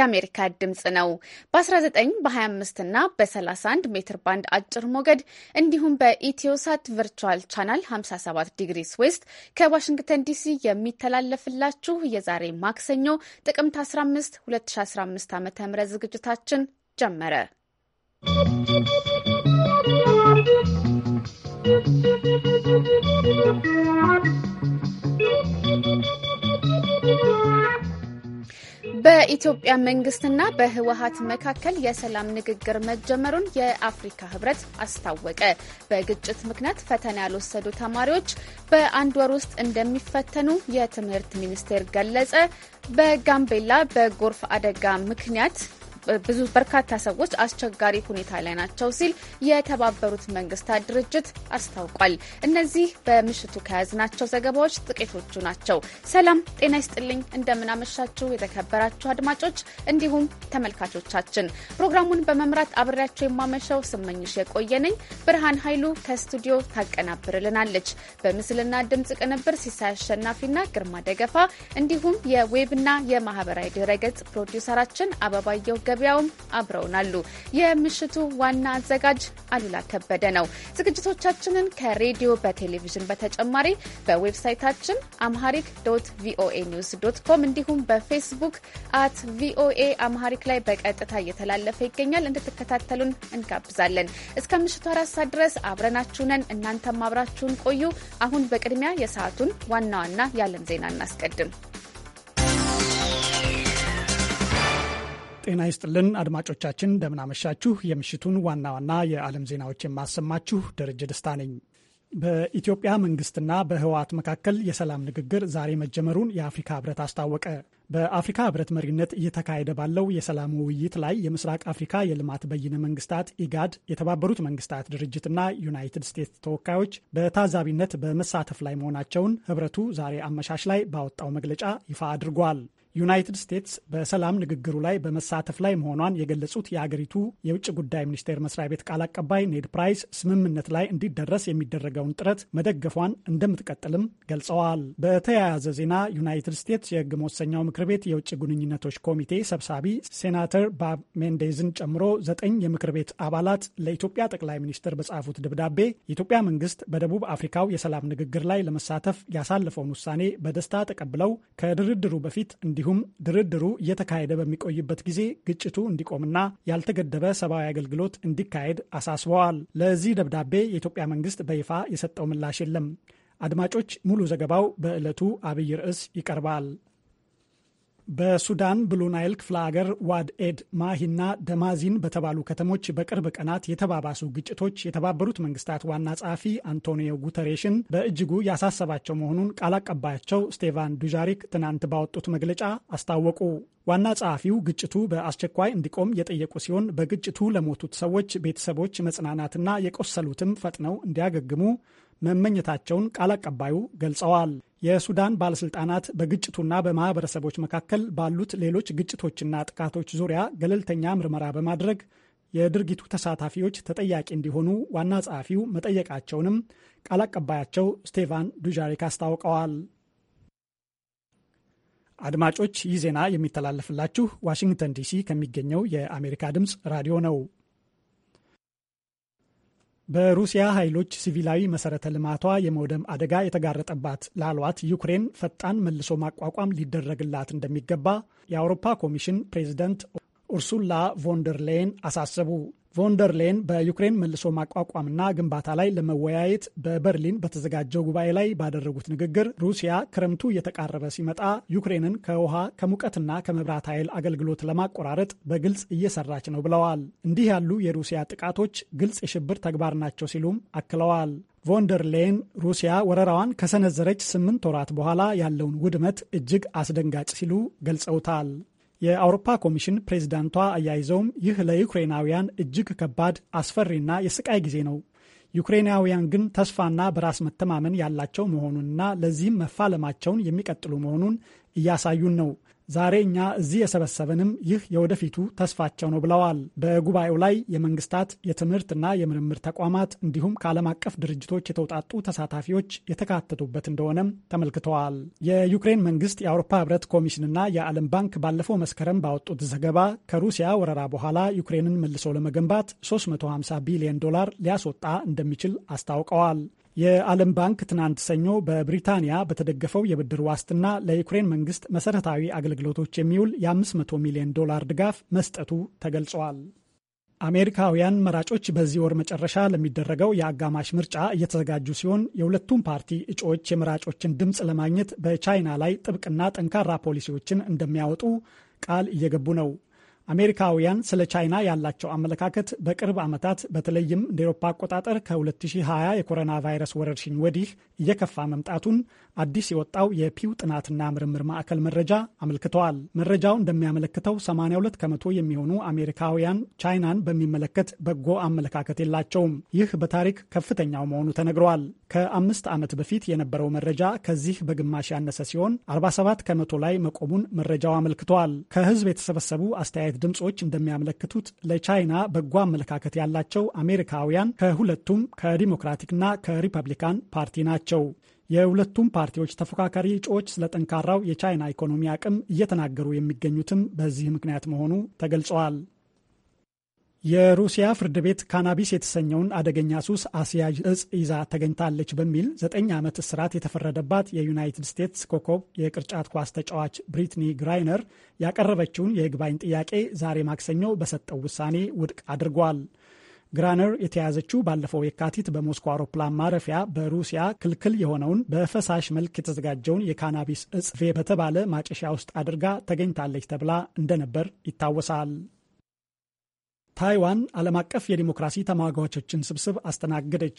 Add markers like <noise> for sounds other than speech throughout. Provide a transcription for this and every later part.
የአሜሪካ ድምፅ ነው። በ19 በ25 እና በ31 ሜትር ባንድ አጭር ሞገድ እንዲሁም በኢትዮሳት ቨርቹዋል ቻናል 57 ዲግሪስ ዌስት ከዋሽንግተን ዲሲ የሚተላለፍላችሁ የዛሬ ማክሰኞ ጥቅምት 15 2015 ዓ ም ዝግጅታችን ጀመረ። ¶¶ በኢትዮጵያ መንግስትና በህወሀት መካከል የሰላም ንግግር መጀመሩን የአፍሪካ ህብረት አስታወቀ። በግጭት ምክንያት ፈተና ያልወሰዱ ተማሪዎች በአንድ ወር ውስጥ እንደሚፈተኑ የትምህርት ሚኒስቴር ገለጸ። በጋምቤላ በጎርፍ አደጋ ምክንያት ብዙ በርካታ ሰዎች አስቸጋሪ ሁኔታ ላይ ናቸው ሲል የተባበሩት መንግስታት ድርጅት አስታውቋል። እነዚህ በምሽቱ ከያዝናቸው ዘገባዎች ጥቂቶቹ ናቸው። ሰላም ጤና ይስጥልኝ፣ እንደምናመሻችሁ የተከበራችሁ አድማጮች እንዲሁም ተመልካቾቻችን። ፕሮግራሙን በመምራት አብሬያቸው የማመሻው ስመኝሽ የቆየነኝ ብርሃን ኃይሉ ከስቱዲዮ ታቀናብርልናለች። በምስልና ድምጽ ቅንብር ሲሳይ አሸናፊና ግርማ ደገፋ እንዲሁም የዌብና የማህበራዊ ድረገጽ ፕሮዲውሰራችን አበባየው ገብ መግቢያውም አብረውናሉ። የምሽቱ ዋና አዘጋጅ አሉላ ከበደ ነው። ዝግጅቶቻችንን ከሬዲዮ በቴሌቪዥን በተጨማሪ በዌብሳይታችን አምሃሪክ ዶት ቪኦኤ ኒውስ ዶት ኮም እንዲሁም በፌስቡክ አት ቪኦኤ አምሃሪክ ላይ በቀጥታ እየተላለፈ ይገኛል። እንድትከታተሉን እንጋብዛለን። እስከ ምሽቱ አራት ሰዓት ድረስ አብረናችሁነን እናንተም አብራችሁን ቆዩ። አሁን በቅድሚያ የሰዓቱን ዋና ዋና የዓለም ዜና እናስቀድም። ጤና ይስጥልን አድማጮቻችን፣ እንደምናመሻችሁ። የምሽቱን ዋና ዋና የዓለም ዜናዎች የማሰማችሁ ደረጀ ደስታ ነኝ። በኢትዮጵያ መንግስትና በህወሓት መካከል የሰላም ንግግር ዛሬ መጀመሩን የአፍሪካ ህብረት አስታወቀ። በአፍሪካ ህብረት መሪነት እየተካሄደ ባለው የሰላም ውይይት ላይ የምስራቅ አፍሪካ የልማት በይነ መንግስታት ኢጋድ፣ የተባበሩት መንግስታት ድርጅትና ዩናይትድ ስቴትስ ተወካዮች በታዛቢነት በመሳተፍ ላይ መሆናቸውን ህብረቱ ዛሬ አመሻሽ ላይ ባወጣው መግለጫ ይፋ አድርጓል። ዩናይትድ ስቴትስ በሰላም ንግግሩ ላይ በመሳተፍ ላይ መሆኗን የገለጹት የአገሪቱ የውጭ ጉዳይ ሚኒስቴር መስሪያ ቤት ቃል አቀባይ ኔድ ፕራይስ ስምምነት ላይ እንዲደረስ የሚደረገውን ጥረት መደገፏን እንደምትቀጥልም ገልጸዋል። በተያያዘ ዜና ዩናይትድ ስቴትስ የህግ መወሰኛው ምክር ቤት የውጭ ግንኙነቶች ኮሚቴ ሰብሳቢ ሴናተር ባብ ሜንዴዝን ጨምሮ ዘጠኝ የምክር ቤት አባላት ለኢትዮጵያ ጠቅላይ ሚኒስትር በጻፉት ደብዳቤ የኢትዮጵያ መንግስት በደቡብ አፍሪካው የሰላም ንግግር ላይ ለመሳተፍ ያሳለፈውን ውሳኔ በደስታ ተቀብለው ከድርድሩ በፊት እንዲ እንዲሁም ድርድሩ እየተካሄደ በሚቆይበት ጊዜ ግጭቱ እንዲቆምና ያልተገደበ ሰብአዊ አገልግሎት እንዲካሄድ አሳስበዋል። ለዚህ ደብዳቤ የኢትዮጵያ መንግስት በይፋ የሰጠው ምላሽ የለም። አድማጮች፣ ሙሉ ዘገባው በዕለቱ አብይ ርዕስ ይቀርባል። በሱዳን ብሉናይል ክፍለ ሀገር ዋድ ኤድ ማሂና ደማዚን በተባሉ ከተሞች በቅርብ ቀናት የተባባሱ ግጭቶች የተባበሩት መንግስታት ዋና ጸሐፊ አንቶኒዮ ጉተሬሽን በእጅጉ ያሳሰባቸው መሆኑን ቃል አቀባያቸው ስቴቫን ዱዣሪክ ትናንት ባወጡት መግለጫ አስታወቁ። ዋና ጸሐፊው ግጭቱ በአስቸኳይ እንዲቆም የጠየቁ ሲሆን በግጭቱ ለሞቱት ሰዎች ቤተሰቦች መጽናናትና የቆሰሉትም ፈጥነው እንዲያገግሙ መመኘታቸውን ቃል አቀባዩ ገልጸዋል። የሱዳን ባለስልጣናት በግጭቱና በማህበረሰቦች መካከል ባሉት ሌሎች ግጭቶችና ጥቃቶች ዙሪያ ገለልተኛ ምርመራ በማድረግ የድርጊቱ ተሳታፊዎች ተጠያቂ እንዲሆኑ ዋና ጸሐፊው መጠየቃቸውንም ቃል አቀባያቸው ስቴቫን ዱዣሪክ አስታውቀዋል። አድማጮች ይህ ዜና የሚተላለፍላችሁ ዋሽንግተን ዲሲ ከሚገኘው የአሜሪካ ድምፅ ራዲዮ ነው። በሩሲያ ኃይሎች ሲቪላዊ መሰረተ ልማቷ የመውደም አደጋ የተጋረጠባት ላሏት ዩክሬን ፈጣን መልሶ ማቋቋም ሊደረግላት እንደሚገባ የአውሮፓ ኮሚሽን ፕሬዚደንት ኡርሱላ ቮንደር ሌየን አሳሰቡ። ቮንደርሌን በዩክሬን መልሶ ማቋቋምና ግንባታ ላይ ለመወያየት በበርሊን በተዘጋጀው ጉባኤ ላይ ባደረጉት ንግግር ሩሲያ ክረምቱ እየተቃረበ ሲመጣ ዩክሬንን ከውሃ ከሙቀትና ከመብራት ኃይል አገልግሎት ለማቆራረጥ በግልጽ እየሰራች ነው ብለዋል። እንዲህ ያሉ የሩሲያ ጥቃቶች ግልጽ የሽብር ተግባር ናቸው ሲሉም አክለዋል። ቮንደርሌን ሩሲያ ወረራዋን ከሰነዘረች ስምንት ወራት በኋላ ያለውን ውድመት እጅግ አስደንጋጭ ሲሉ ገልጸውታል። የአውሮፓ ኮሚሽን ፕሬዚዳንቷ አያይዘውም ይህ ለዩክሬናውያን እጅግ ከባድ አስፈሪና የስቃይ ጊዜ ነው። ዩክሬናውያን ግን ተስፋና በራስ መተማመን ያላቸው መሆኑንና ለዚህም መፋለማቸውን የሚቀጥሉ መሆኑን እያሳዩን ነው። ዛሬ እኛ እዚህ የሰበሰበንም ይህ የወደፊቱ ተስፋቸው ነው ብለዋል። በጉባኤው ላይ የመንግስታት የትምህርትና የምርምር ተቋማት እንዲሁም ከዓለም አቀፍ ድርጅቶች የተውጣጡ ተሳታፊዎች የተካተቱበት እንደሆነም ተመልክተዋል። የዩክሬን መንግስት የአውሮፓ ህብረት ኮሚሽንና የዓለም ባንክ ባለፈው መስከረም ባወጡት ዘገባ ከሩሲያ ወረራ በኋላ ዩክሬንን መልሶ ለመገንባት 350 ቢሊዮን ዶላር ሊያስወጣ እንደሚችል አስታውቀዋል። የዓለም ባንክ ትናንት ሰኞ በብሪታንያ በተደገፈው የብድር ዋስትና ለዩክሬን መንግስት መሰረታዊ አገልግሎቶች የሚውል የ500 ሚሊዮን ዶላር ድጋፍ መስጠቱ ተገልጿል። አሜሪካውያን መራጮች በዚህ ወር መጨረሻ ለሚደረገው የአጋማሽ ምርጫ እየተዘጋጁ ሲሆን የሁለቱም ፓርቲ እጩዎች የመራጮችን ድምፅ ለማግኘት በቻይና ላይ ጥብቅና ጠንካራ ፖሊሲዎችን እንደሚያወጡ ቃል እየገቡ ነው። አሜሪካውያን ስለ ቻይና ያላቸው አመለካከት በቅርብ ዓመታት በተለይም እንደ ኤሮፓ አቆጣጠር ከ2020 የኮሮና ቫይረስ ወረርሽኝ ወዲህ እየከፋ መምጣቱን አዲስ የወጣው የፒው ጥናትና ምርምር ማዕከል መረጃ አመልክተዋል። መረጃው እንደሚያመለክተው 82 ከመቶ የሚሆኑ አሜሪካውያን ቻይናን በሚመለከት በጎ አመለካከት የላቸውም። ይህ በታሪክ ከፍተኛው መሆኑ ተነግረዋል። ከአምስት ዓመት በፊት የነበረው መረጃ ከዚህ በግማሽ ያነሰ ሲሆን 47 ከመቶ ላይ መቆሙን መረጃው አመልክተዋል። ከህዝብ የተሰበሰቡ አስተያየት ድምፆች እንደሚያመለክቱት ለቻይና በጎ አመለካከት ያላቸው አሜሪካውያን ከሁለቱም ከዲሞክራቲክና ከሪፐብሊካን ፓርቲ ናቸው። የሁለቱም ፓርቲዎች ተፎካካሪ እጩዎች ስለ ጠንካራው የቻይና ኢኮኖሚ አቅም እየተናገሩ የሚገኙትም በዚህ ምክንያት መሆኑ ተገልጸዋል። የሩሲያ ፍርድ ቤት ካናቢስ የተሰኘውን አደገኛ ሱስ አስያዥ እጽ ይዛ ተገኝታለች በሚል ዘጠኝ ዓመት እስራት የተፈረደባት የዩናይትድ ስቴትስ ኮከብ የቅርጫት ኳስ ተጫዋች ብሪትኒ ግራይነር ያቀረበችውን የይግባኝ ጥያቄ ዛሬ ማክሰኞ በሰጠው ውሳኔ ውድቅ አድርጓል። ግራነር የተያዘችው ባለፈው የካቲት በሞስኮ አውሮፕላን ማረፊያ በሩሲያ ክልክል የሆነውን በፈሳሽ መልክ የተዘጋጀውን የካናቢስ እጽ ቬ በተባለ ማጨሻ ውስጥ አድርጋ ተገኝታለች ተብላ እንደነበር ይታወሳል። ታይዋን ዓለም አቀፍ የዲሞክራሲ ተሟጋቾችን ስብስብ አስተናገደች።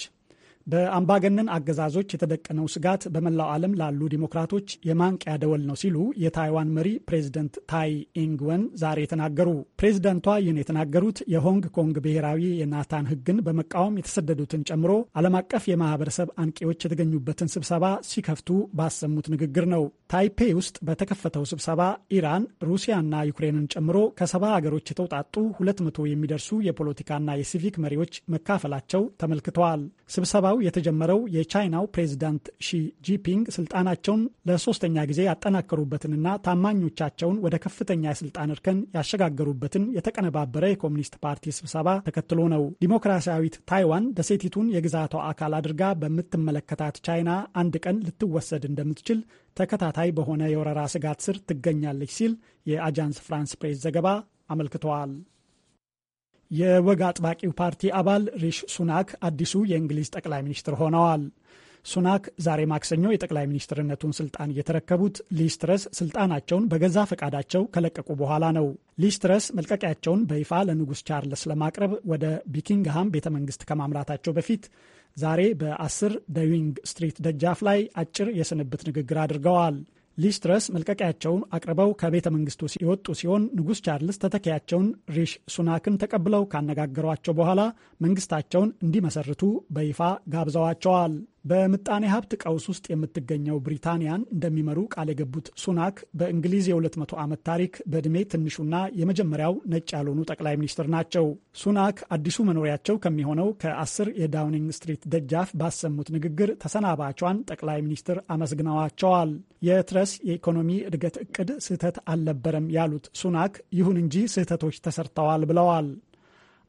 በአምባገነን አገዛዞች የተደቀነው ስጋት በመላው ዓለም ላሉ ዲሞክራቶች የማንቂያ ደወል ነው ሲሉ የታይዋን መሪ ፕሬዚደንት ታይ ኢንግወን ዛሬ ተናገሩ። ፕሬዚደንቷ ይህን የተናገሩት የሆንግ ኮንግ ብሔራዊ የናታን ሕግን በመቃወም የተሰደዱትን ጨምሮ ዓለም አቀፍ የማህበረሰብ አንቂዎች የተገኙበትን ስብሰባ ሲከፍቱ ባሰሙት ንግግር ነው። ታይፔ ውስጥ በተከፈተው ስብሰባ ኢራን፣ ሩሲያና ዩክሬንን ጨምሮ ከሰባ አገሮች የተውጣጡ ሁለት መቶ የሚደርሱ የፖለቲካና የሲቪክ መሪዎች መካፈላቸው ተመልክተዋል። ስብሰባ ስብሰባው የተጀመረው የቻይናው ፕሬዚዳንት ሺ ጂፒንግ ስልጣናቸውን ለሶስተኛ ጊዜ ያጠናከሩበትንና ታማኞቻቸውን ወደ ከፍተኛ የስልጣን እርከን ያሸጋገሩበትን የተቀነባበረ የኮሚኒስት ፓርቲ ስብሰባ ተከትሎ ነው። ዲሞክራሲያዊት ታይዋን ደሴቲቱን የግዛቷ አካል አድርጋ በምትመለከታት ቻይና አንድ ቀን ልትወሰድ እንደምትችል ተከታታይ በሆነ የወረራ ስጋት ስር ትገኛለች ሲል የአጃንስ ፍራንስ ፕሬስ ዘገባ አመልክተዋል። የወግ አጥባቂው ፓርቲ አባል ሪሽ ሱናክ አዲሱ የእንግሊዝ ጠቅላይ ሚኒስትር ሆነዋል። ሱናክ ዛሬ ማክሰኞ የጠቅላይ ሚኒስትርነቱን ስልጣን የተረከቡት ሊስትረስ ስልጣናቸውን በገዛ ፈቃዳቸው ከለቀቁ በኋላ ነው። ሊስትረስ መልቀቂያቸውን በይፋ ለንጉሥ ቻርልስ ለማቅረብ ወደ ቢኪንግሃም ቤተ መንግስት ከማምራታቸው በፊት ዛሬ በአስር ደዊንግ ስትሪት ደጃፍ ላይ አጭር የስንብት ንግግር አድርገዋል። ሊስትረስ ትረስ መልቀቂያቸውን አቅርበው ከቤተ መንግስቱ የወጡ ሲሆን ንጉሥ ቻርልስ ተተኪያቸውን ሪሽ ሱናክን ተቀብለው ካነጋገሯቸው በኋላ መንግስታቸውን እንዲመሰርቱ በይፋ ጋብዘዋቸዋል። በምጣኔ ሀብት ቀውስ ውስጥ የምትገኘው ብሪታንያን እንደሚመሩ ቃል የገቡት ሱናክ በእንግሊዝ የ200 ዓመት ታሪክ በዕድሜ ትንሹና የመጀመሪያው ነጭ ያልሆኑ ጠቅላይ ሚኒስትር ናቸው። ሱናክ አዲሱ መኖሪያቸው ከሚሆነው ከ10 የዳውኒንግ ስትሪት ደጃፍ ባሰሙት ንግግር ተሰናባቿን ጠቅላይ ሚኒስትር አመስግነዋቸዋል። የትረስ የኢኮኖሚ እድገት እቅድ ስህተት አልነበረም ያሉት ሱናክ ይሁን እንጂ ስህተቶች ተሰርተዋል ብለዋል።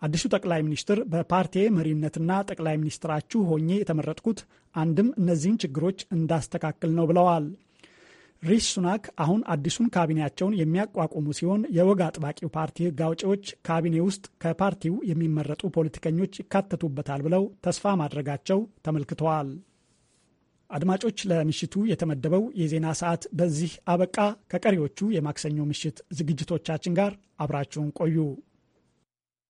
አዲሱ ጠቅላይ ሚኒስትር በፓርቲ መሪነትና ጠቅላይ ሚኒስትራችሁ ሆኜ የተመረጥኩት አንድም እነዚህን ችግሮች እንዳስተካክል ነው ብለዋል። ሪሽ ሱናክ አሁን አዲሱን ካቢኔያቸውን የሚያቋቁሙ ሲሆን የወግ አጥባቂው ፓርቲ ሕግ አውጪዎች ካቢኔ ውስጥ ከፓርቲው የሚመረጡ ፖለቲከኞች ይካተቱበታል ብለው ተስፋ ማድረጋቸው ተመልክተዋል። አድማጮች፣ ለምሽቱ የተመደበው የዜና ሰዓት በዚህ አበቃ። ከቀሪዎቹ የማክሰኞ ምሽት ዝግጅቶቻችን ጋር አብራችሁን ቆዩ።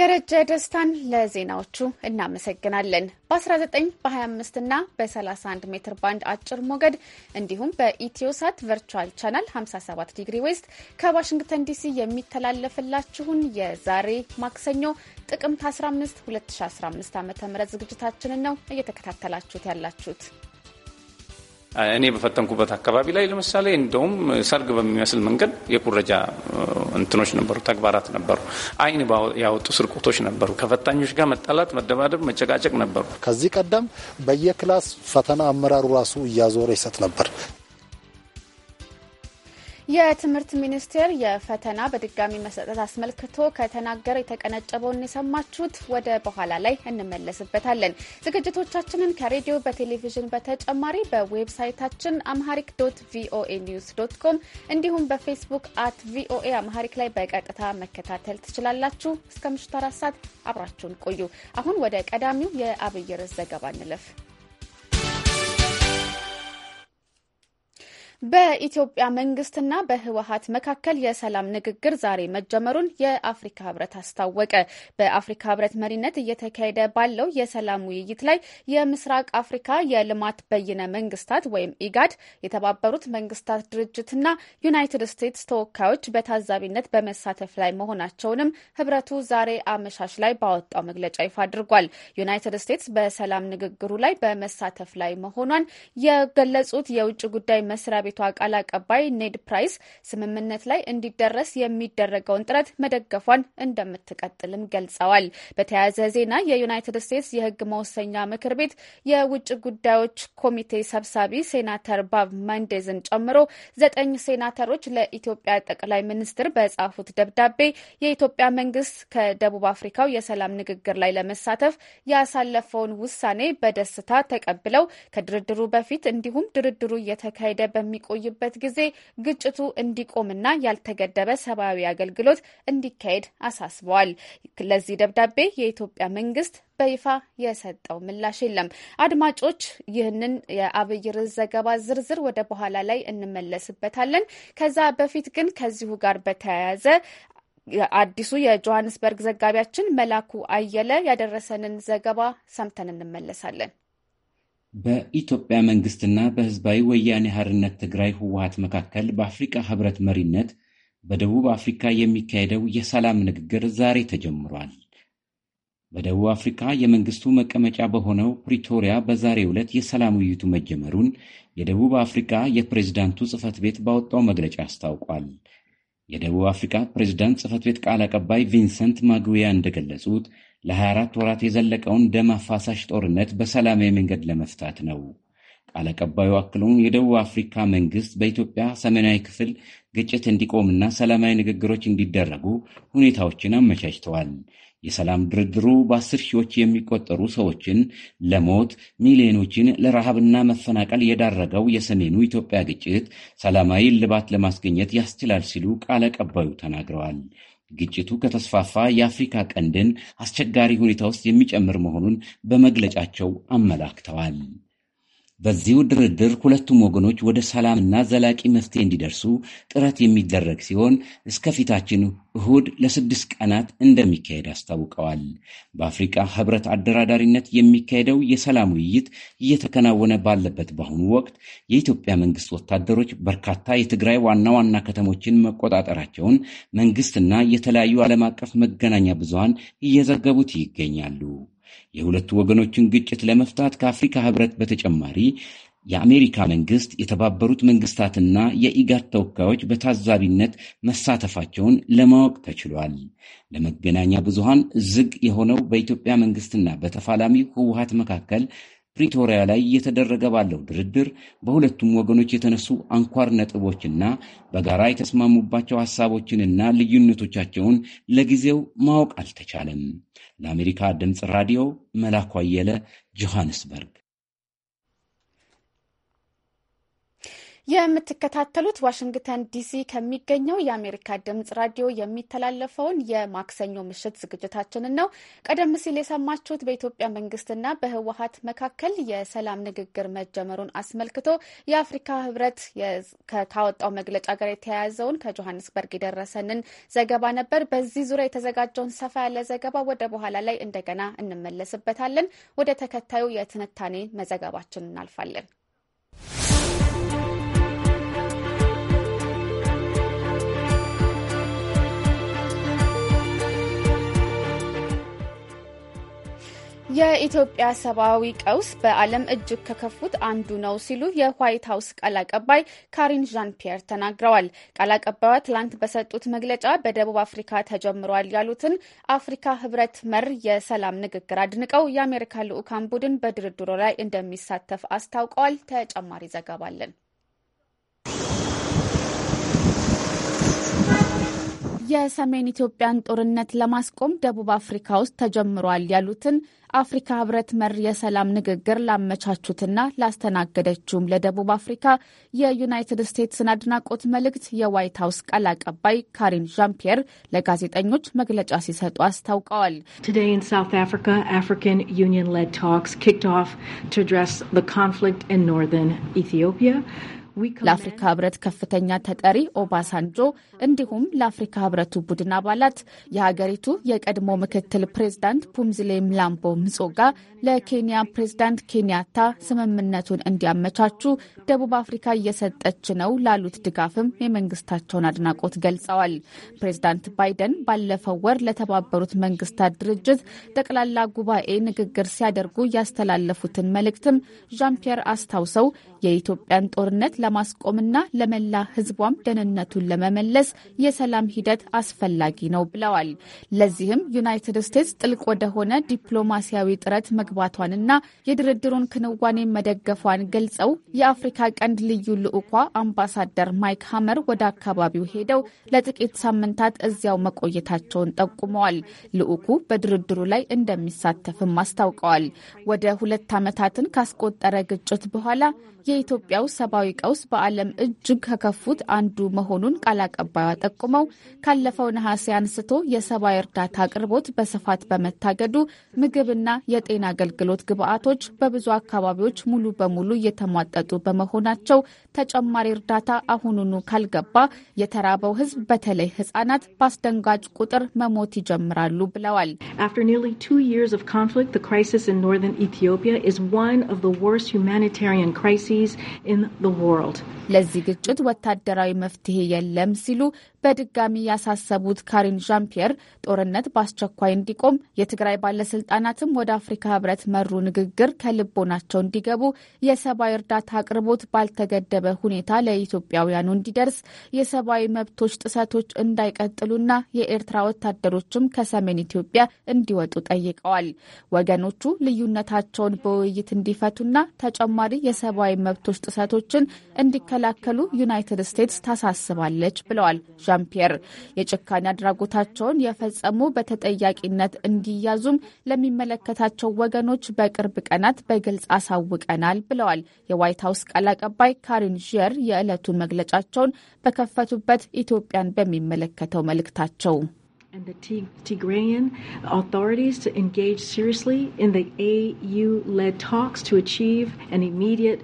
ደረጀ ደስታን ለዜናዎቹ እናመሰግናለን። በ19 በ25 እና በ31 ሜትር ባንድ አጭር ሞገድ እንዲሁም በኢትዮሳት ቨርቹዋል ቻናል 57 ዲግሪ ዌስት ከዋሽንግተን ዲሲ የሚተላለፍላችሁን የዛሬ ማክሰኞ ጥቅምት 15 2015 ዓ ም ዝግጅታችንን ነው እየተከታተላችሁት ያላችሁት። እኔ በፈተንኩበት አካባቢ ላይ ለምሳሌ እንደውም ሰርግ በሚመስል መንገድ የኩረጃ እንትኖች ነበሩ፣ ተግባራት ነበሩ። አይን ያወጡ ስርቆቶች ነበሩ። ከፈታኞች ጋር መጣላት፣ መደባደብ፣ መጨቃጨቅ ነበሩ። ከዚህ ቀደም በየክላስ ፈተና አመራሩ ራሱ እያዞረ ይሰጥ ነበር። የትምህርት ሚኒስቴር የፈተና በድጋሚ መሰጠት አስመልክቶ ከተናገረ የተቀነጨበውን የሰማችሁት። ወደ በኋላ ላይ እንመለስበታለን። ዝግጅቶቻችንን ከሬዲዮ በቴሌቪዥን በተጨማሪ በዌብሳይታችን አምሃሪክ ዶት ቪኦኤ ኒውስ ዶት ኮም እንዲሁም በፌስቡክ አት ቪኦኤ አምሃሪክ ላይ በቀጥታ መከታተል ትችላላችሁ። እስከ ምሽቱ አራት ሰዓት አብራችሁን ቆዩ። አሁን ወደ ቀዳሚው የአብይ ርዕስ ዘገባ እንለፍ። በኢትዮጵያ መንግስትና በህወሀት መካከል የሰላም ንግግር ዛሬ መጀመሩን የአፍሪካ ህብረት አስታወቀ። በአፍሪካ ህብረት መሪነት እየተካሄደ ባለው የሰላም ውይይት ላይ የምስራቅ አፍሪካ የልማት በይነ መንግስታት ወይም ኢጋድ፣ የተባበሩት መንግስታት ድርጅትና ዩናይትድ ስቴትስ ተወካዮች በታዛቢነት በመሳተፍ ላይ መሆናቸውንም ህብረቱ ዛሬ አመሻሽ ላይ ባወጣው መግለጫ ይፋ አድርጓል። ዩናይትድ ስቴትስ በሰላም ንግግሩ ላይ በመሳተፍ ላይ መሆኗን የገለጹት የውጭ ጉዳይ መስሪያ ቤቷ ቃል አቀባይ ኔድ ፕራይስ ስምምነት ላይ እንዲደረስ የሚደረገውን ጥረት መደገፏን እንደምትቀጥልም ገልጸዋል። በተያያዘ ዜና የዩናይትድ ስቴትስ የህግ መወሰኛ ምክር ቤት የውጭ ጉዳዮች ኮሚቴ ሰብሳቢ ሴናተር ባብ መንዴዝን ጨምሮ ዘጠኝ ሴናተሮች ለኢትዮጵያ ጠቅላይ ሚኒስትር በጻፉት ደብዳቤ የኢትዮጵያ መንግስት ከደቡብ አፍሪካው የሰላም ንግግር ላይ ለመሳተፍ ያሳለፈውን ውሳኔ በደስታ ተቀብለው ከድርድሩ በፊት እንዲሁም ድርድሩ እየተካሄደ በሚ በሚቆይበት ጊዜ ግጭቱ እንዲቆምና ያልተገደበ ሰብአዊ አገልግሎት እንዲካሄድ አሳስበዋል። ለዚህ ደብዳቤ የኢትዮጵያ መንግስት በይፋ የሰጠው ምላሽ የለም። አድማጮች፣ ይህንን የአብይ ርዕስ ዘገባ ዝርዝር ወደ በኋላ ላይ እንመለስበታለን። ከዛ በፊት ግን ከዚሁ ጋር በተያያዘ አዲሱ የጆሀንስበርግ ዘጋቢያችን መላኩ አየለ ያደረሰንን ዘገባ ሰምተን እንመለሳለን። በኢትዮጵያ መንግስትና በህዝባዊ ወያኔ ሀርነት ትግራይ ህወሀት መካከል በአፍሪካ ህብረት መሪነት በደቡብ አፍሪካ የሚካሄደው የሰላም ንግግር ዛሬ ተጀምሯል። በደቡብ አፍሪካ የመንግስቱ መቀመጫ በሆነው ፕሪቶሪያ በዛሬው ዕለት የሰላም ውይይቱ መጀመሩን የደቡብ አፍሪካ የፕሬዝዳንቱ ጽህፈት ቤት ባወጣው መግለጫ አስታውቋል። የደቡብ አፍሪካ ፕሬዝዳንት ጽህፈት ቤት ቃል አቀባይ ቪንሰንት ማግዊያ እንደገለጹት ለ24 ወራት የዘለቀውን ደም አፋሳሽ ጦርነት በሰላማዊ መንገድ ለመፍታት ነው። ቃል አቀባዩ አክሎም የደቡብ አፍሪካ መንግስት በኢትዮጵያ ሰሜናዊ ክፍል ግጭት እንዲቆምና ሰላማዊ ንግግሮች እንዲደረጉ ሁኔታዎችን አመቻችተዋል። የሰላም ድርድሩ በአስር ሺዎች የሚቆጠሩ ሰዎችን ለሞት ሚሊዮኖችን ለረሃብና መፈናቀል የዳረገው የሰሜኑ ኢትዮጵያ ግጭት ሰላማዊ እልባት ለማስገኘት ያስችላል ሲሉ ቃል አቀባዩ ተናግረዋል። ግጭቱ ከተስፋፋ የአፍሪካ ቀንድን አስቸጋሪ ሁኔታ ውስጥ የሚጨምር መሆኑን በመግለጫቸው አመላክተዋል። በዚሁ ድርድር ሁለቱም ወገኖች ወደ ሰላምና ዘላቂ መፍትሄ እንዲደርሱ ጥረት የሚደረግ ሲሆን እስከፊታችን እሁድ ለስድስት ቀናት እንደሚካሄድ አስታውቀዋል። በአፍሪቃ ህብረት አደራዳሪነት የሚካሄደው የሰላም ውይይት እየተከናወነ ባለበት በአሁኑ ወቅት የኢትዮጵያ መንግስት ወታደሮች በርካታ የትግራይ ዋና ዋና ከተሞችን መቆጣጠራቸውን መንግስትና የተለያዩ ዓለም አቀፍ መገናኛ ብዙሃን እየዘገቡት ይገኛሉ። የሁለቱ ወገኖችን ግጭት ለመፍታት ከአፍሪካ ህብረት በተጨማሪ የአሜሪካ መንግስት የተባበሩት መንግስታትና የኢጋድ ተወካዮች በታዛቢነት መሳተፋቸውን ለማወቅ ተችሏል። ለመገናኛ ብዙሃን ዝግ የሆነው በኢትዮጵያ መንግስትና በተፋላሚ ህወሀት መካከል ፕሪቶሪያ ላይ እየተደረገ ባለው ድርድር በሁለቱም ወገኖች የተነሱ አንኳር ነጥቦችና በጋራ የተስማሙባቸው ሀሳቦችንና ልዩነቶቻቸውን ለጊዜው ማወቅ አልተቻለም። ለአሜሪካ ድምፅ ራዲዮ መላኩ አየለ ጆሐንስበርግ። የምትከታተሉት ዋሽንግተን ዲሲ ከሚገኘው የአሜሪካ ድምጽ ራዲዮ የሚተላለፈውን የማክሰኞ ምሽት ዝግጅታችንን ነው። ቀደም ሲል የሰማችሁት በኢትዮጵያ መንግስትና በህወሀት መካከል የሰላም ንግግር መጀመሩን አስመልክቶ የአፍሪካ ህብረት ካወጣው መግለጫ ጋር የተያያዘውን ከጆሀንስበርግ የደረሰንን ዘገባ ነበር። በዚህ ዙሪያ የተዘጋጀውን ሰፋ ያለ ዘገባ ወደ በኋላ ላይ እንደገና እንመለስበታለን። ወደ ተከታዩ የትንታኔ መዘገባችን እናልፋለን። የኢትዮጵያ ሰብአዊ ቀውስ በዓለም እጅግ ከከፉት አንዱ ነው ሲሉ የዋይት ሀውስ ቃል አቀባይ ካሪን ዣን ፒየር ተናግረዋል። ቃል አቀባዩ ትላንት በሰጡት መግለጫ በደቡብ አፍሪካ ተጀምሯል ያሉትን አፍሪካ ህብረት መር የሰላም ንግግር አድንቀው የአሜሪካ ልዑካን ቡድን በድርድሮ ላይ እንደሚሳተፍ አስታውቀዋል። ተጨማሪ ዘገባ አለን። የሰሜን ኢትዮጵያን ጦርነት ለማስቆም ደቡብ አፍሪካ ውስጥ ተጀምሯል ያሉትን አፍሪካ ህብረት መር የሰላም ንግግር ላመቻቹትና ላስተናገደችውም ለደቡብ አፍሪካ የዩናይትድ ስቴትስን አድናቆት መልእክት የዋይት ሀውስ ቃል አቀባይ ካሪን ዣምፒየር ለጋዜጠኞች መግለጫ ሲሰጡ አስታውቀዋል። ለአፍሪካ ህብረት ከፍተኛ ተጠሪ ኦባሳንጆ እንዲሁም ለአፍሪካ ህብረቱ ቡድን አባላት የሀገሪቱ የቀድሞ ምክትል ፕሬዝዳንት ፑምዝሌ ምላምቦ ምጾጋ ለኬንያ ፕሬዝዳንት ኬንያታ ስምምነቱን እንዲያመቻቹ ደቡብ አፍሪካ እየሰጠች ነው ላሉት ድጋፍም የመንግስታቸውን አድናቆት ገልጸዋል። ፕሬዝዳንት ባይደን ባለፈው ወር ለተባበሩት መንግስታት ድርጅት ጠቅላላ ጉባኤ ንግግር ሲያደርጉ ያስተላለፉትን መልእክትም ዣን ፒየር አስታውሰው የኢትዮጵያን ጦርነት ለ ለማስቆምና ለመላ ህዝቧም ደህንነቱን ለመመለስ የሰላም ሂደት አስፈላጊ ነው ብለዋል። ለዚህም ዩናይትድ ስቴትስ ጥልቅ ወደሆነ ዲፕሎማሲያዊ ጥረት መግባቷንና የድርድሩን ክንዋኔ መደገፏን ገልጸው የአፍሪካ ቀንድ ልዩ ልዑኳ አምባሳደር ማይክ ሀመር ወደ አካባቢው ሄደው ለጥቂት ሳምንታት እዚያው መቆየታቸውን ጠቁመዋል። ልዑኩ በድርድሩ ላይ እንደሚሳተፍም አስታውቀዋል። ወደ ሁለት ዓመታትን ካስቆጠረ ግጭት በኋላ የኢትዮጵያው ሰብአዊ ቀውስ በዓለም እጅግ ከከፉት አንዱ መሆኑን ቃል አቀባዩ ጠቁመው ካለፈው ነሐሴ አንስቶ የሰብአዊ እርዳታ አቅርቦት በስፋት በመታገዱ ምግብና የጤና አገልግሎት ግብዓቶች በብዙ አካባቢዎች ሙሉ በሙሉ እየተሟጠጡ በመሆናቸው ተጨማሪ እርዳታ አሁኑኑ ካልገባ የተራበው ሕዝብ በተለይ ሕጻናት በአስደንጋጭ ቁጥር መሞት ይጀምራሉ ብለዋል። ኢትዮጵያ ለዚህ ግጭት ወታደራዊ መፍትሄ የለም ሲሉ በድጋሚ ያሳሰቡት ካሪን ዣምፒየር ጦርነት በአስቸኳይ እንዲቆም የትግራይ ባለስልጣናትም ወደ አፍሪካ ህብረት መሩ ንግግር ከልቦናቸው እንዲገቡ፣ የሰብአዊ እርዳታ አቅርቦት ባልተገደበ ሁኔታ ለኢትዮጵያውያኑ እንዲደርስ፣ የሰብአዊ መብቶች ጥሰቶች እንዳይቀጥሉና የኤርትራ ወታደሮችም ከሰሜን ኢትዮጵያ እንዲወጡ ጠይቀዋል። ወገኖቹ ልዩነታቸውን በውይይት እንዲፈቱና ተጨማሪ የሰብአዊ መብቶች ጥሰቶችን እንዲከላከሉ ዩናይትድ ስቴትስ ታሳስባለች ብለዋል። ዣምፒየር የጭካኔ አድራጎታቸውን የፈጸሙ በተጠያቂነት እንዲያዙም ለሚመለከታቸው ወገኖች በቅርብ ቀናት በግልጽ አሳውቀናል ብለዋል። የዋይት ሀውስ ቃል አቀባይ ካሪን ዥየር የዕለቱን መግለጫቸውን በከፈቱበት ኢትዮጵያን በሚመለከተው መልእክታቸው and the Tigrayan authorities to engage seriously in the AU led talks to achieve an immediate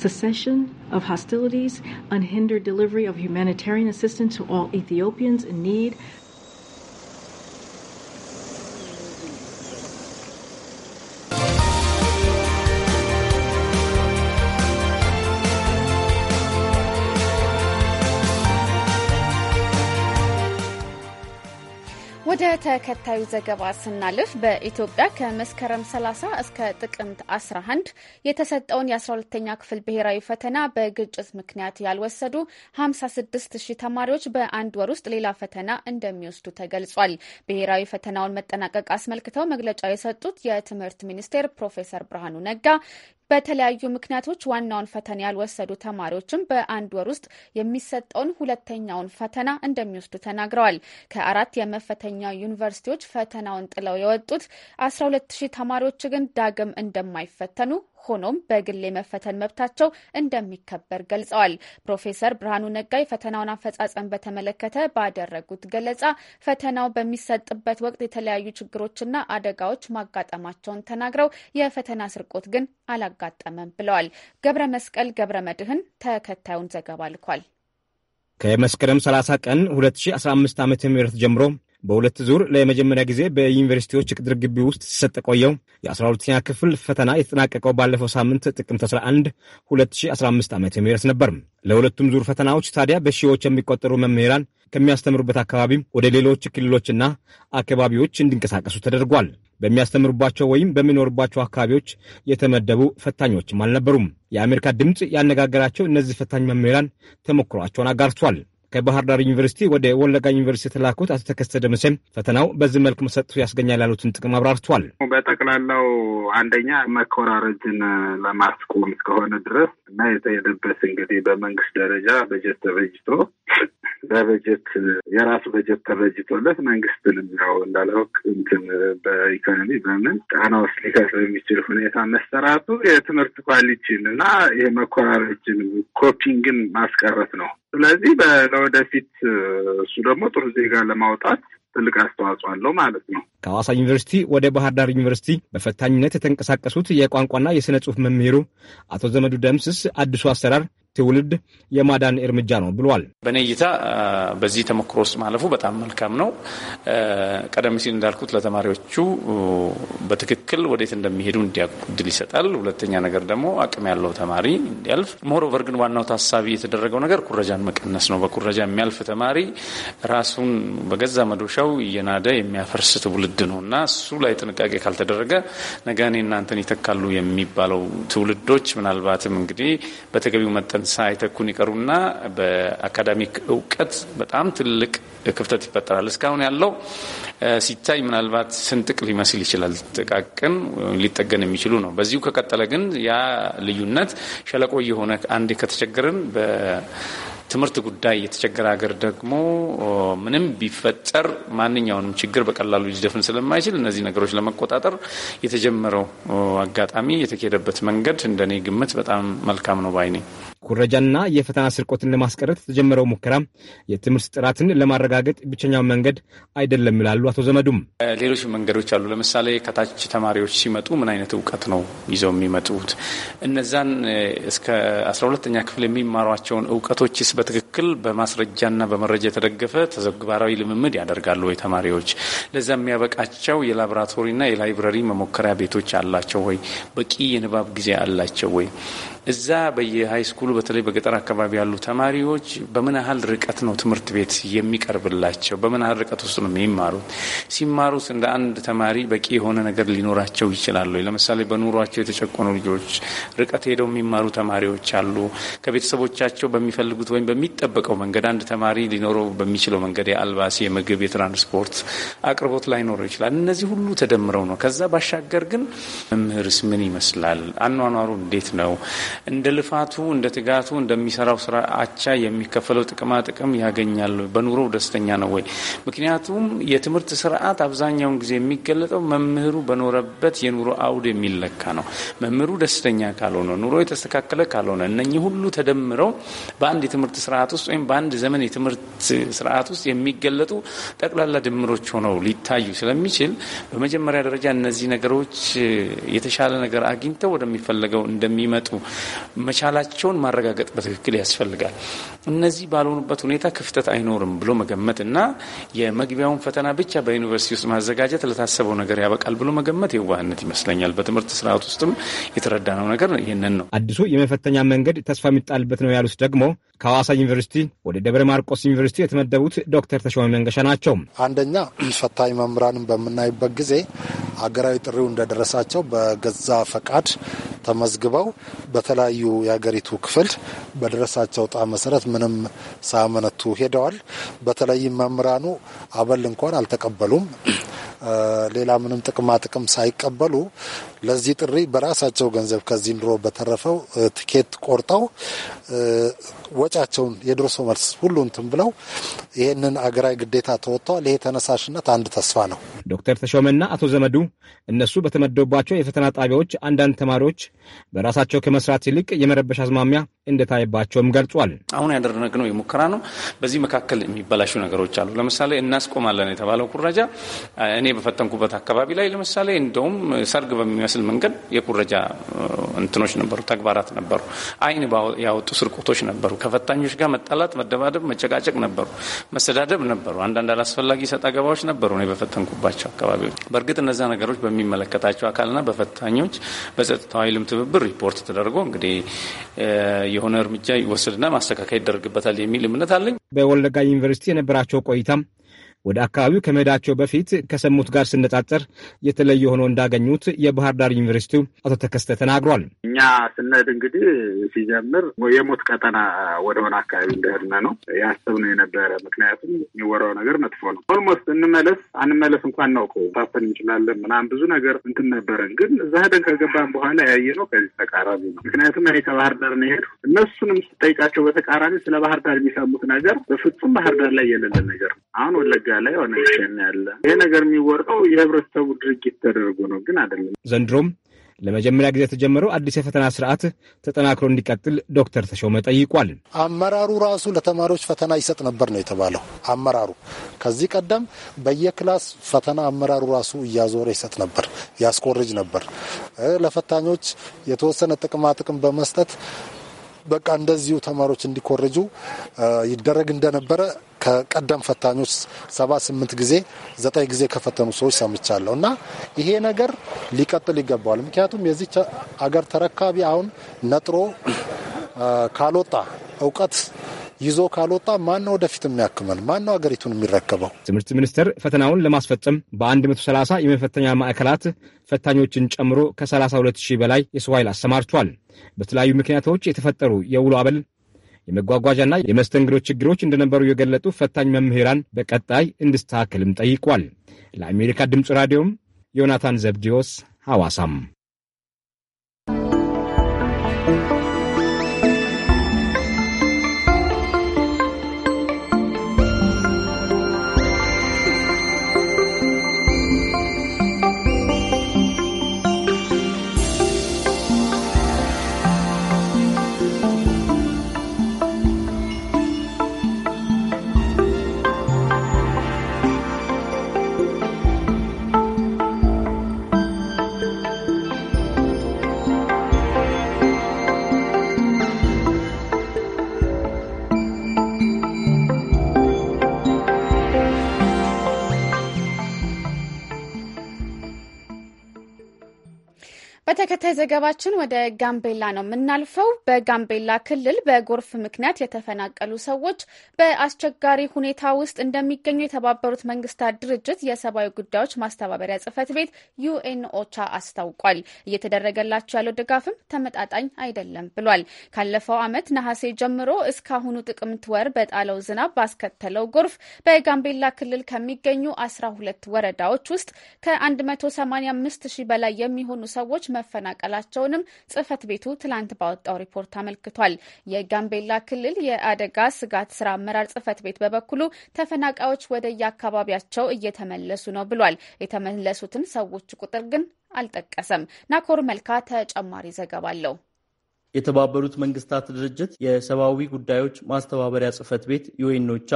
cessation of hostilities, unhindered delivery of humanitarian assistance to all Ethiopians in need, ወደ ተከታዩ ዘገባ ስናልፍ በኢትዮጵያ ከመስከረም 30 እስከ ጥቅምት 11 የተሰጠውን የ12ተኛ ክፍል ብሔራዊ ፈተና በግጭት ምክንያት ያልወሰዱ 56 ሺህ ተማሪዎች በአንድ ወር ውስጥ ሌላ ፈተና እንደሚወስዱ ተገልጿል። ብሔራዊ ፈተናውን መጠናቀቅ አስመልክተው መግለጫ የሰጡት የትምህርት ሚኒስቴር ፕሮፌሰር ብርሃኑ ነጋ በተለያዩ ምክንያቶች ዋናውን ፈተና ያልወሰዱ ተማሪዎችም በአንድ ወር ውስጥ የሚሰጠውን ሁለተኛውን ፈተና እንደሚወስዱ ተናግረዋል። ከአራት የመፈተኛ ዩኒቨርሲቲዎች ፈተናውን ጥለው የወጡት 120 ተማሪዎች ግን ዳግም እንደማይፈተኑ ሆኖም በግል የመፈተን መብታቸው እንደሚከበር ገልጸዋል። ፕሮፌሰር ብርሃኑ ነጋይ ፈተናውን አፈጻጸም በተመለከተ ባደረጉት ገለጻ ፈተናው በሚሰጥበት ወቅት የተለያዩ ችግሮችና አደጋዎች ማጋጠማቸውን ተናግረው የፈተና ስርቆት ግን አላጋጠመም ብለዋል። ገብረ መስቀል ገብረ መድህን ተከታዩን ዘገባ ልኳል። ከመስከረም 30 ቀን 2015 ዓ ም ጀምሮ በሁለት ዙር ለመጀመሪያ ጊዜ በዩኒቨርሲቲዎች ቅጥር ግቢ ውስጥ ሲሰጥ ቆየው የ12ኛ ክፍል ፈተና የተጠናቀቀው ባለፈው ሳምንት ጥቅምት 11 2015 ዓ ም ነበር። ለሁለቱም ዙር ፈተናዎች ታዲያ በሺዎች የሚቆጠሩ መምህራን ከሚያስተምሩበት አካባቢ ወደ ሌሎች ክልሎችና አካባቢዎች እንዲንቀሳቀሱ ተደርጓል። በሚያስተምሩባቸው ወይም በሚኖሩባቸው አካባቢዎች የተመደቡ ፈታኞችም አልነበሩም። የአሜሪካ ድምፅ ያነጋገራቸው እነዚህ ፈታኝ መምህራን ተሞክሯቸውን አጋርቷል። ከባህር ዳር ዩኒቨርሲቲ ወደ ወለጋ ዩኒቨርሲቲ የተላኩት አቶ ተከስተ ደምሴም ፈተናው በዚህ መልክ መሰጠቱ ያስገኛል ያሉትን ጥቅም አብራርቷል። በጠቅላላው አንደኛ መኮራረጅን ለማስቆም እስከሆነ ድረስ እና የተሄደበት እንግዲህ በመንግስት ደረጃ በጀት ተበጅቶ በበጀት የራሱ በጀት ተበጅቶለት መንግስትንም ያው እንዳለወቅ እንትን በኢኮኖሚ በምን ጫና ውስጥ ሊከፍ የሚችል ሁኔታ መሰራቱ የትምህርት ኳሊቲን እና የመኮራረጅን ኮፒንግን ማስቀረት ነው። ስለዚህ ለወደፊት እሱ ደግሞ ጥሩ ዜጋ ለማውጣት ትልቅ አስተዋጽኦ አለው ማለት ነው። ከሐዋሳ ዩኒቨርሲቲ ወደ ባህር ዳር ዩኒቨርሲቲ በፈታኝነት የተንቀሳቀሱት የቋንቋና የሥነ ጽሑፍ መምህሩ አቶ ዘመዱ ደምስስ አዲሱ አሰራር ትውልድ የማዳን እርምጃ ነው ብሏል። በእኔ እይታ በዚህ ተሞክሮ ውስጥ ማለፉ በጣም መልካም ነው። ቀደም ሲል እንዳልኩት ለተማሪዎቹ በትክክል ወዴት እንደሚሄዱ እንዲያውቁ እድል ይሰጣል። ሁለተኛ ነገር ደግሞ አቅም ያለው ተማሪ እንዲያልፍ። ሞሮቨር ግን ዋናው ታሳቢ የተደረገው ነገር ኩረጃን መቀነስ ነው። በኩረጃ የሚያልፍ ተማሪ ራሱን በገዛ መዶሻው እየናደ የሚያፈርስ ትውልድ ነው እና እሱ ላይ ጥንቃቄ ካልተደረገ ነገ እኔ እናንተን ይተካሉ የሚባለው ትውልዶች ምናልባትም እንግዲህ በተገቢው መጠን ሳይተኩን ይቀሩና በአካዳሚክ እውቀት በጣም ትልቅ ክፍተት ይፈጠራል። እስካሁን ያለው ሲታይ ምናልባት ስንጥቅ ሊመስል ይችላል። ጥቃቅን ሊጠገን የሚችሉ ነው። በዚሁ ከቀጠለ ግን ያ ልዩነት ሸለቆ የሆነ አንዴ ከተቸገርን በትምህርት ጉዳይ የተቸገረ ሀገር ደግሞ ምንም ቢፈጠር ማንኛውንም ችግር በቀላሉ ሊደፍን ስለማይችል እነዚህ ነገሮች ለመቆጣጠር የተጀመረው አጋጣሚ የተካሄደበት መንገድ እንደኔ ግምት በጣም መልካም ነው ባይኔ። ኩረጃና የፈተና ስርቆትን ለማስቀረት የተጀመረው ሙከራ የትምህርት ጥራትን ለማረጋገጥ ብቸኛው መንገድ አይደለም ይላሉ አቶ ዘመዱም። ሌሎች መንገዶች አሉ። ለምሳሌ ከታች ተማሪዎች ሲመጡ ምን አይነት እውቀት ነው ይዘው የሚመጡት? እነዛን እስከ አስራ ሁለተኛ ክፍል የሚማሯቸውን እውቀቶችስ በትክክል በማስረጃና በመረጃ የተደገፈ ተዘግባራዊ ልምምድ ያደርጋሉ ወይ ተማሪዎች? ለዛ የሚያበቃቸው የላቦራቶሪና የላይብረሪ መሞከሪያ ቤቶች አላቸው ወይ? በቂ የንባብ ጊዜ አላቸው ወይ? እዛ በየሃይስኩሉ በተለይ በገጠር አካባቢ ያሉ ተማሪዎች በምን ያህል ርቀት ነው ትምህርት ቤት የሚቀርብላቸው? በምን ያህል ርቀት ውስጥ ነው የሚማሩት? ሲማሩት እንደ አንድ ተማሪ በቂ የሆነ ነገር ሊኖራቸው ይችላሉ? ለምሳሌ በኑሯቸው የተጨቆኑ ልጆች፣ ርቀት ሄደው የሚማሩ ተማሪዎች አሉ። ከቤተሰቦቻቸው በሚፈልጉት ወይም በሚጠበቀው መንገድ አንድ ተማሪ ሊኖረው በሚችለው መንገድ የአልባሲ፣ የምግብ፣ የትራንስፖርት አቅርቦት ላይኖረው ይችላል። እነዚህ ሁሉ ተደምረው ነው። ከዛ ባሻገር ግን መምህርስ ምን ይመስላል? አኗኗሩ እንዴት ነው? እንደ ልፋቱ፣ እንደ ትጋቱ እንደሚሰራው ስራ አቻ የሚከፈለው ጥቅማ ጥቅም ያገኛል። በኑሮው ደስተኛ ነው ወይ? ምክንያቱም የትምህርት ስርዓት አብዛኛውን ጊዜ የሚገለጠው መምህሩ በኖረበት የኑሮ አውድ የሚለካ ነው። መምህሩ ደስተኛ ካልሆነ፣ ኑሮ የተስተካከለ ካልሆነ፣ እነኚህ ሁሉ ተደምረው በአንድ የትምህርት ስርዓት ውስጥ ወይም በአንድ ዘመን የትምህርት ስርዓት ውስጥ የሚገለጡ ጠቅላላ ድምሮች ሆነው ሊታዩ ስለሚችል በመጀመሪያ ደረጃ እነዚህ ነገሮች የተሻለ ነገር አግኝተው ወደሚፈለገው እንደሚመጡ መቻላቸውን ማረጋገጥ በትክክል ያስፈልጋል። እነዚህ ባልሆኑበት ሁኔታ ክፍተት አይኖርም ብሎ መገመት እና የመግቢያውን ፈተና ብቻ በዩኒቨርሲቲ ውስጥ ማዘጋጀት ለታሰበው ነገር ያበቃል ብሎ መገመት የዋህነት ይመስለኛል። በትምህርት ስርዓት ውስጥም የተረዳነው ነገር ይህንን ነው። አዲሱ የመፈተኛ መንገድ ተስፋ የሚጣልበት ነው ያሉት ደግሞ ከሐዋሳ ዩኒቨርሲቲ ወደ ደብረ ማርቆስ ዩኒቨርሲቲ የተመደቡት ዶክተር ተሾመ መንገሻ ናቸው። አንደኛ ፈታኝ መምህራንን በምናይበት ጊዜ አገራዊ ጥሪው እንደደረሳቸው በገዛ ፈቃድ ተመዝግበው በተለያዩ የሀገሪቱ ክፍል በደረሳቸው ዕጣ መሰረት ምንም ሳያመነቱ ሄደዋል። በተለይም መምህራኑ አበል እንኳን አልተቀበሉም። <clears throat> ሌላ ምንም ጥቅማ ጥቅም ሳይቀበሉ ለዚህ ጥሪ በራሳቸው ገንዘብ ከዚህ ኑሮ በተረፈው ትኬት ቆርጠው ወጫቸውን የድሮሶ መልስ ሁሉ እንትን ብለው ይህንን አገራዊ ግዴታ ተወጥተዋል። ይሄ ተነሳሽነት አንድ ተስፋ ነው። ዶክተር ተሾመና አቶ ዘመዱ እነሱ በተመደቡባቸው የፈተና ጣቢያዎች አንዳንድ ተማሪዎች በራሳቸው ከመስራት ይልቅ የመረበሽ አዝማሚያ እንደታየባቸውም ገልጿል። አሁን ያደረግነው የሙከራ ነው። በዚህ መካከል የሚበላሹ ነገሮች አሉ። ለምሳሌ እናስቆማለን የተባለው ኩራጃ እኔ በፈተንኩበት አካባቢ ላይ ለምሳሌ እንደውም ሰርግ በሚመ በሚመስል መንገድ የኩረጃ እንትኖች ነበሩ፣ ተግባራት ነበሩ። አይን ያወጡ ስርቆቶች ነበሩ። ከፈታኞች ጋር መጣላት፣ መደባደብ፣ መጨቃጨቅ ነበሩ። መሰዳደብ ነበሩ። አንዳንድ አላስፈላጊ ሰጥ አገባዎች ነበሩ ነው በፈተንኩባቸው አካባቢዎች። በእርግጥ እነዛ ነገሮች በሚመለከታቸው አካልና በፈታኞች በጸጥታ ኃይልም ትብብር ሪፖርት ተደርጎ እንግዲህ የሆነ እርምጃ ይወሰድና ማስተካከያ ይደረግበታል የሚል እምነት አለኝ። በወለጋ ዩኒቨርሲቲ የነበራቸው ቆይታም ወደ አካባቢው ከመሄዳቸው በፊት ከሰሙት ጋር ሲነጻጸር የተለየ ሆኖ እንዳገኙት የባህር ዳር ዩኒቨርሲቲው አቶ ተከስተ ተናግሯል። እኛ ስንሄድ እንግዲህ ሲጀምር የሞት ቀጠና ወደሆነ አካባቢ እንደሄድን ነው ያሰብነው የነበረ። ምክንያቱም የሚወራው ነገር መጥፎ ነው። ኦልሞስት እንመለስ አንመለስ እንኳን እናውቀው ታፈን እንችላለን ምናምን ብዙ ነገር እንትን ነበረን። ግን እዛ ሄደን ከገባን በኋላ ያየነው ከዚህ ተቃራኒ ነው። ምክንያቱም እኔ ከባህር ዳር ነው የሄድኩ። እነሱንም ስጠይቃቸው በተቃራኒ ስለ ባህር ዳር የሚሰሙት ነገር በፍጹም ባህር ዳር ላይ የሌለ ነገር ነው። አሁን ወለጋ ደረጃ ላይ ሆነ ሸን ያለ ይሄ ነገር የሚወርቀው የህብረተሰቡ ድርጊት ተደርጎ ነው ግን አይደለም። ዘንድሮም ለመጀመሪያ ጊዜ የተጀመረው አዲስ የፈተና ስርዓት ተጠናክሮ እንዲቀጥል ዶክተር ተሾመ ጠይቋል። አመራሩ ራሱ ለተማሪዎች ፈተና ይሰጥ ነበር ነው የተባለው። አመራሩ ከዚህ ቀደም በየክላስ ፈተና አመራሩ ራሱ እያዞረ ይሰጥ ነበር፣ ያስኮርጅ ነበር። ለፈታኞች የተወሰነ ጥቅማ ጥቅም በመስጠት በቃ እንደዚሁ ተማሪዎች እንዲኮረጁ ይደረግ እንደነበረ ከቀደም ፈታኞች ሰባ ስምንት ጊዜ ዘጠኝ ጊዜ ከፈተኑ ሰዎች ሰምቻለሁ እና ይሄ ነገር ሊቀጥል ይገባዋል። ምክንያቱም የዚች አገር ተረካቢ አሁን ነጥሮ ካልወጣ እውቀት ይዞ ካልወጣ ነው ወደፊት የሚያክመን? ነው ሀገሪቱን የሚረከበው? ትምህርት ሚኒስቴር ፈተናውን ለማስፈጸም በ130 የመፈተኛ ማዕከላት ፈታኞችን ጨምሮ ከ 32000 በላይ የሰው ኃይል አሰማርቷል። በተለያዩ ምክንያቶች የተፈጠሩ የውሎ አበል የመጓጓዣና የመስተንግዶ ችግሮች እንደነበሩ የገለጡ ፈታኝ መምህራን በቀጣይ እንዲስተካከልም ጠይቋል። ለአሜሪካ ድምፅ ራዲዮም ዮናታን ዘብዲዮስ ሐዋሳም በተከታይ ዘገባችን ወደ ጋምቤላ ነው የምናልፈው። በጋምቤላ ክልል በጎርፍ ምክንያት የተፈናቀሉ ሰዎች በአስቸጋሪ ሁኔታ ውስጥ እንደሚገኙ የተባበሩት መንግስታት ድርጅት የሰብአዊ ጉዳዮች ማስተባበሪያ ጽህፈት ቤት ዩኤን ኦቻ አስታውቋል። እየተደረገላቸው ያለው ድጋፍም ተመጣጣኝ አይደለም ብሏል። ካለፈው ዓመት ነሐሴ ጀምሮ እስካሁኑ ጥቅምት ወር በጣለው ዝናብ ባስከተለው ጎርፍ በጋምቤላ ክልል ከሚገኙ ሁለት ወረዳዎች ውስጥ ከ185 ሺህ በላይ የሚሆኑ ሰዎች መፈናቀላቸውንም ጽህፈት ቤቱ ትላንት ባወጣው ሪፖርት አመልክቷል። የጋምቤላ ክልል የአደጋ ስጋት ስራ አመራር ጽህፈት ቤት በበኩሉ ተፈናቃዮች ወደ የአካባቢያቸው እየተመለሱ ነው ብሏል። የተመለሱትን ሰዎች ቁጥር ግን አልጠቀሰም። ናኮር መልካ ተጨማሪ ዘገባ አለው። የተባበሩት መንግስታት ድርጅት የሰብአዊ ጉዳዮች ማስተባበሪያ ጽህፈት ቤት ዩኤኖቻ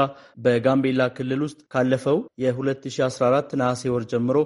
በጋምቤላ ክልል ውስጥ ካለፈው የ2014 ነሐሴ ወር ጀምሮ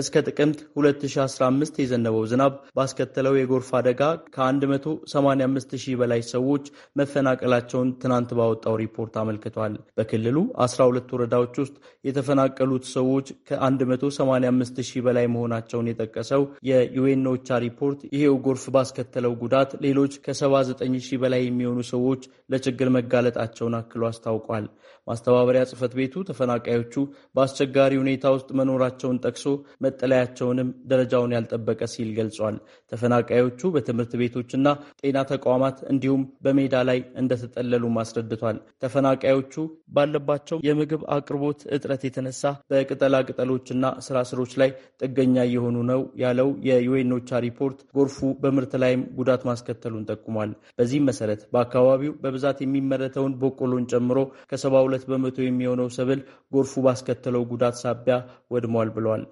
እስከ ጥቅምት 2015 የዘነበው ዝናብ ባስከተለው የጎርፍ አደጋ ከ185 ሺህ በላይ ሰዎች መፈናቀላቸውን ትናንት ባወጣው ሪፖርት አመልክቷል። በክልሉ 12 ወረዳዎች ውስጥ የተፈናቀሉት ሰዎች ከ185 ሺህ በላይ መሆናቸውን የጠቀሰው የዩኤን ኦቻ ሪፖርት ይሄው ጎርፍ ባስከተለው ጉዳት ሌሎች ከ79 ሺህ በላይ የሚሆኑ ሰዎች ለችግር መጋለጣቸውን አክሎ አስታውቋል። ማስተባበሪያ ጽሕፈት ቤቱ ተፈናቃዮቹ በአስቸጋሪ ሁኔታ ውስጥ መኖራቸውን ጠቅሶ መጠለያቸውንም ደረጃውን ያልጠበቀ ሲል ገልጿል። ተፈናቃዮቹ በትምህርት ቤቶችና ጤና ተቋማት እንዲሁም በሜዳ ላይ እንደተጠለሉ አስረድቷል። ተፈናቃዮቹ ባለባቸው የምግብ አቅርቦት እጥረት የተነሳ በቅጠላ ቅጠሎችና ስራ ስሮች ላይ ጥገኛ እየሆኑ ነው ያለው የዩኤኖቻ ሪፖርት ጎርፉ በምርት ላይም ጉዳት ማስከተሉን ጠቁሟል። በዚህም መሰረት በአካባቢው በብዛት የሚመረተውን በቆሎን ጨምሮ ከሰባ ሁለት በመቶ የሚሆነው ሰብል ጎርፉ ባስከተለው ጉዳት ሳቢያ ወድሟል ብለዋል።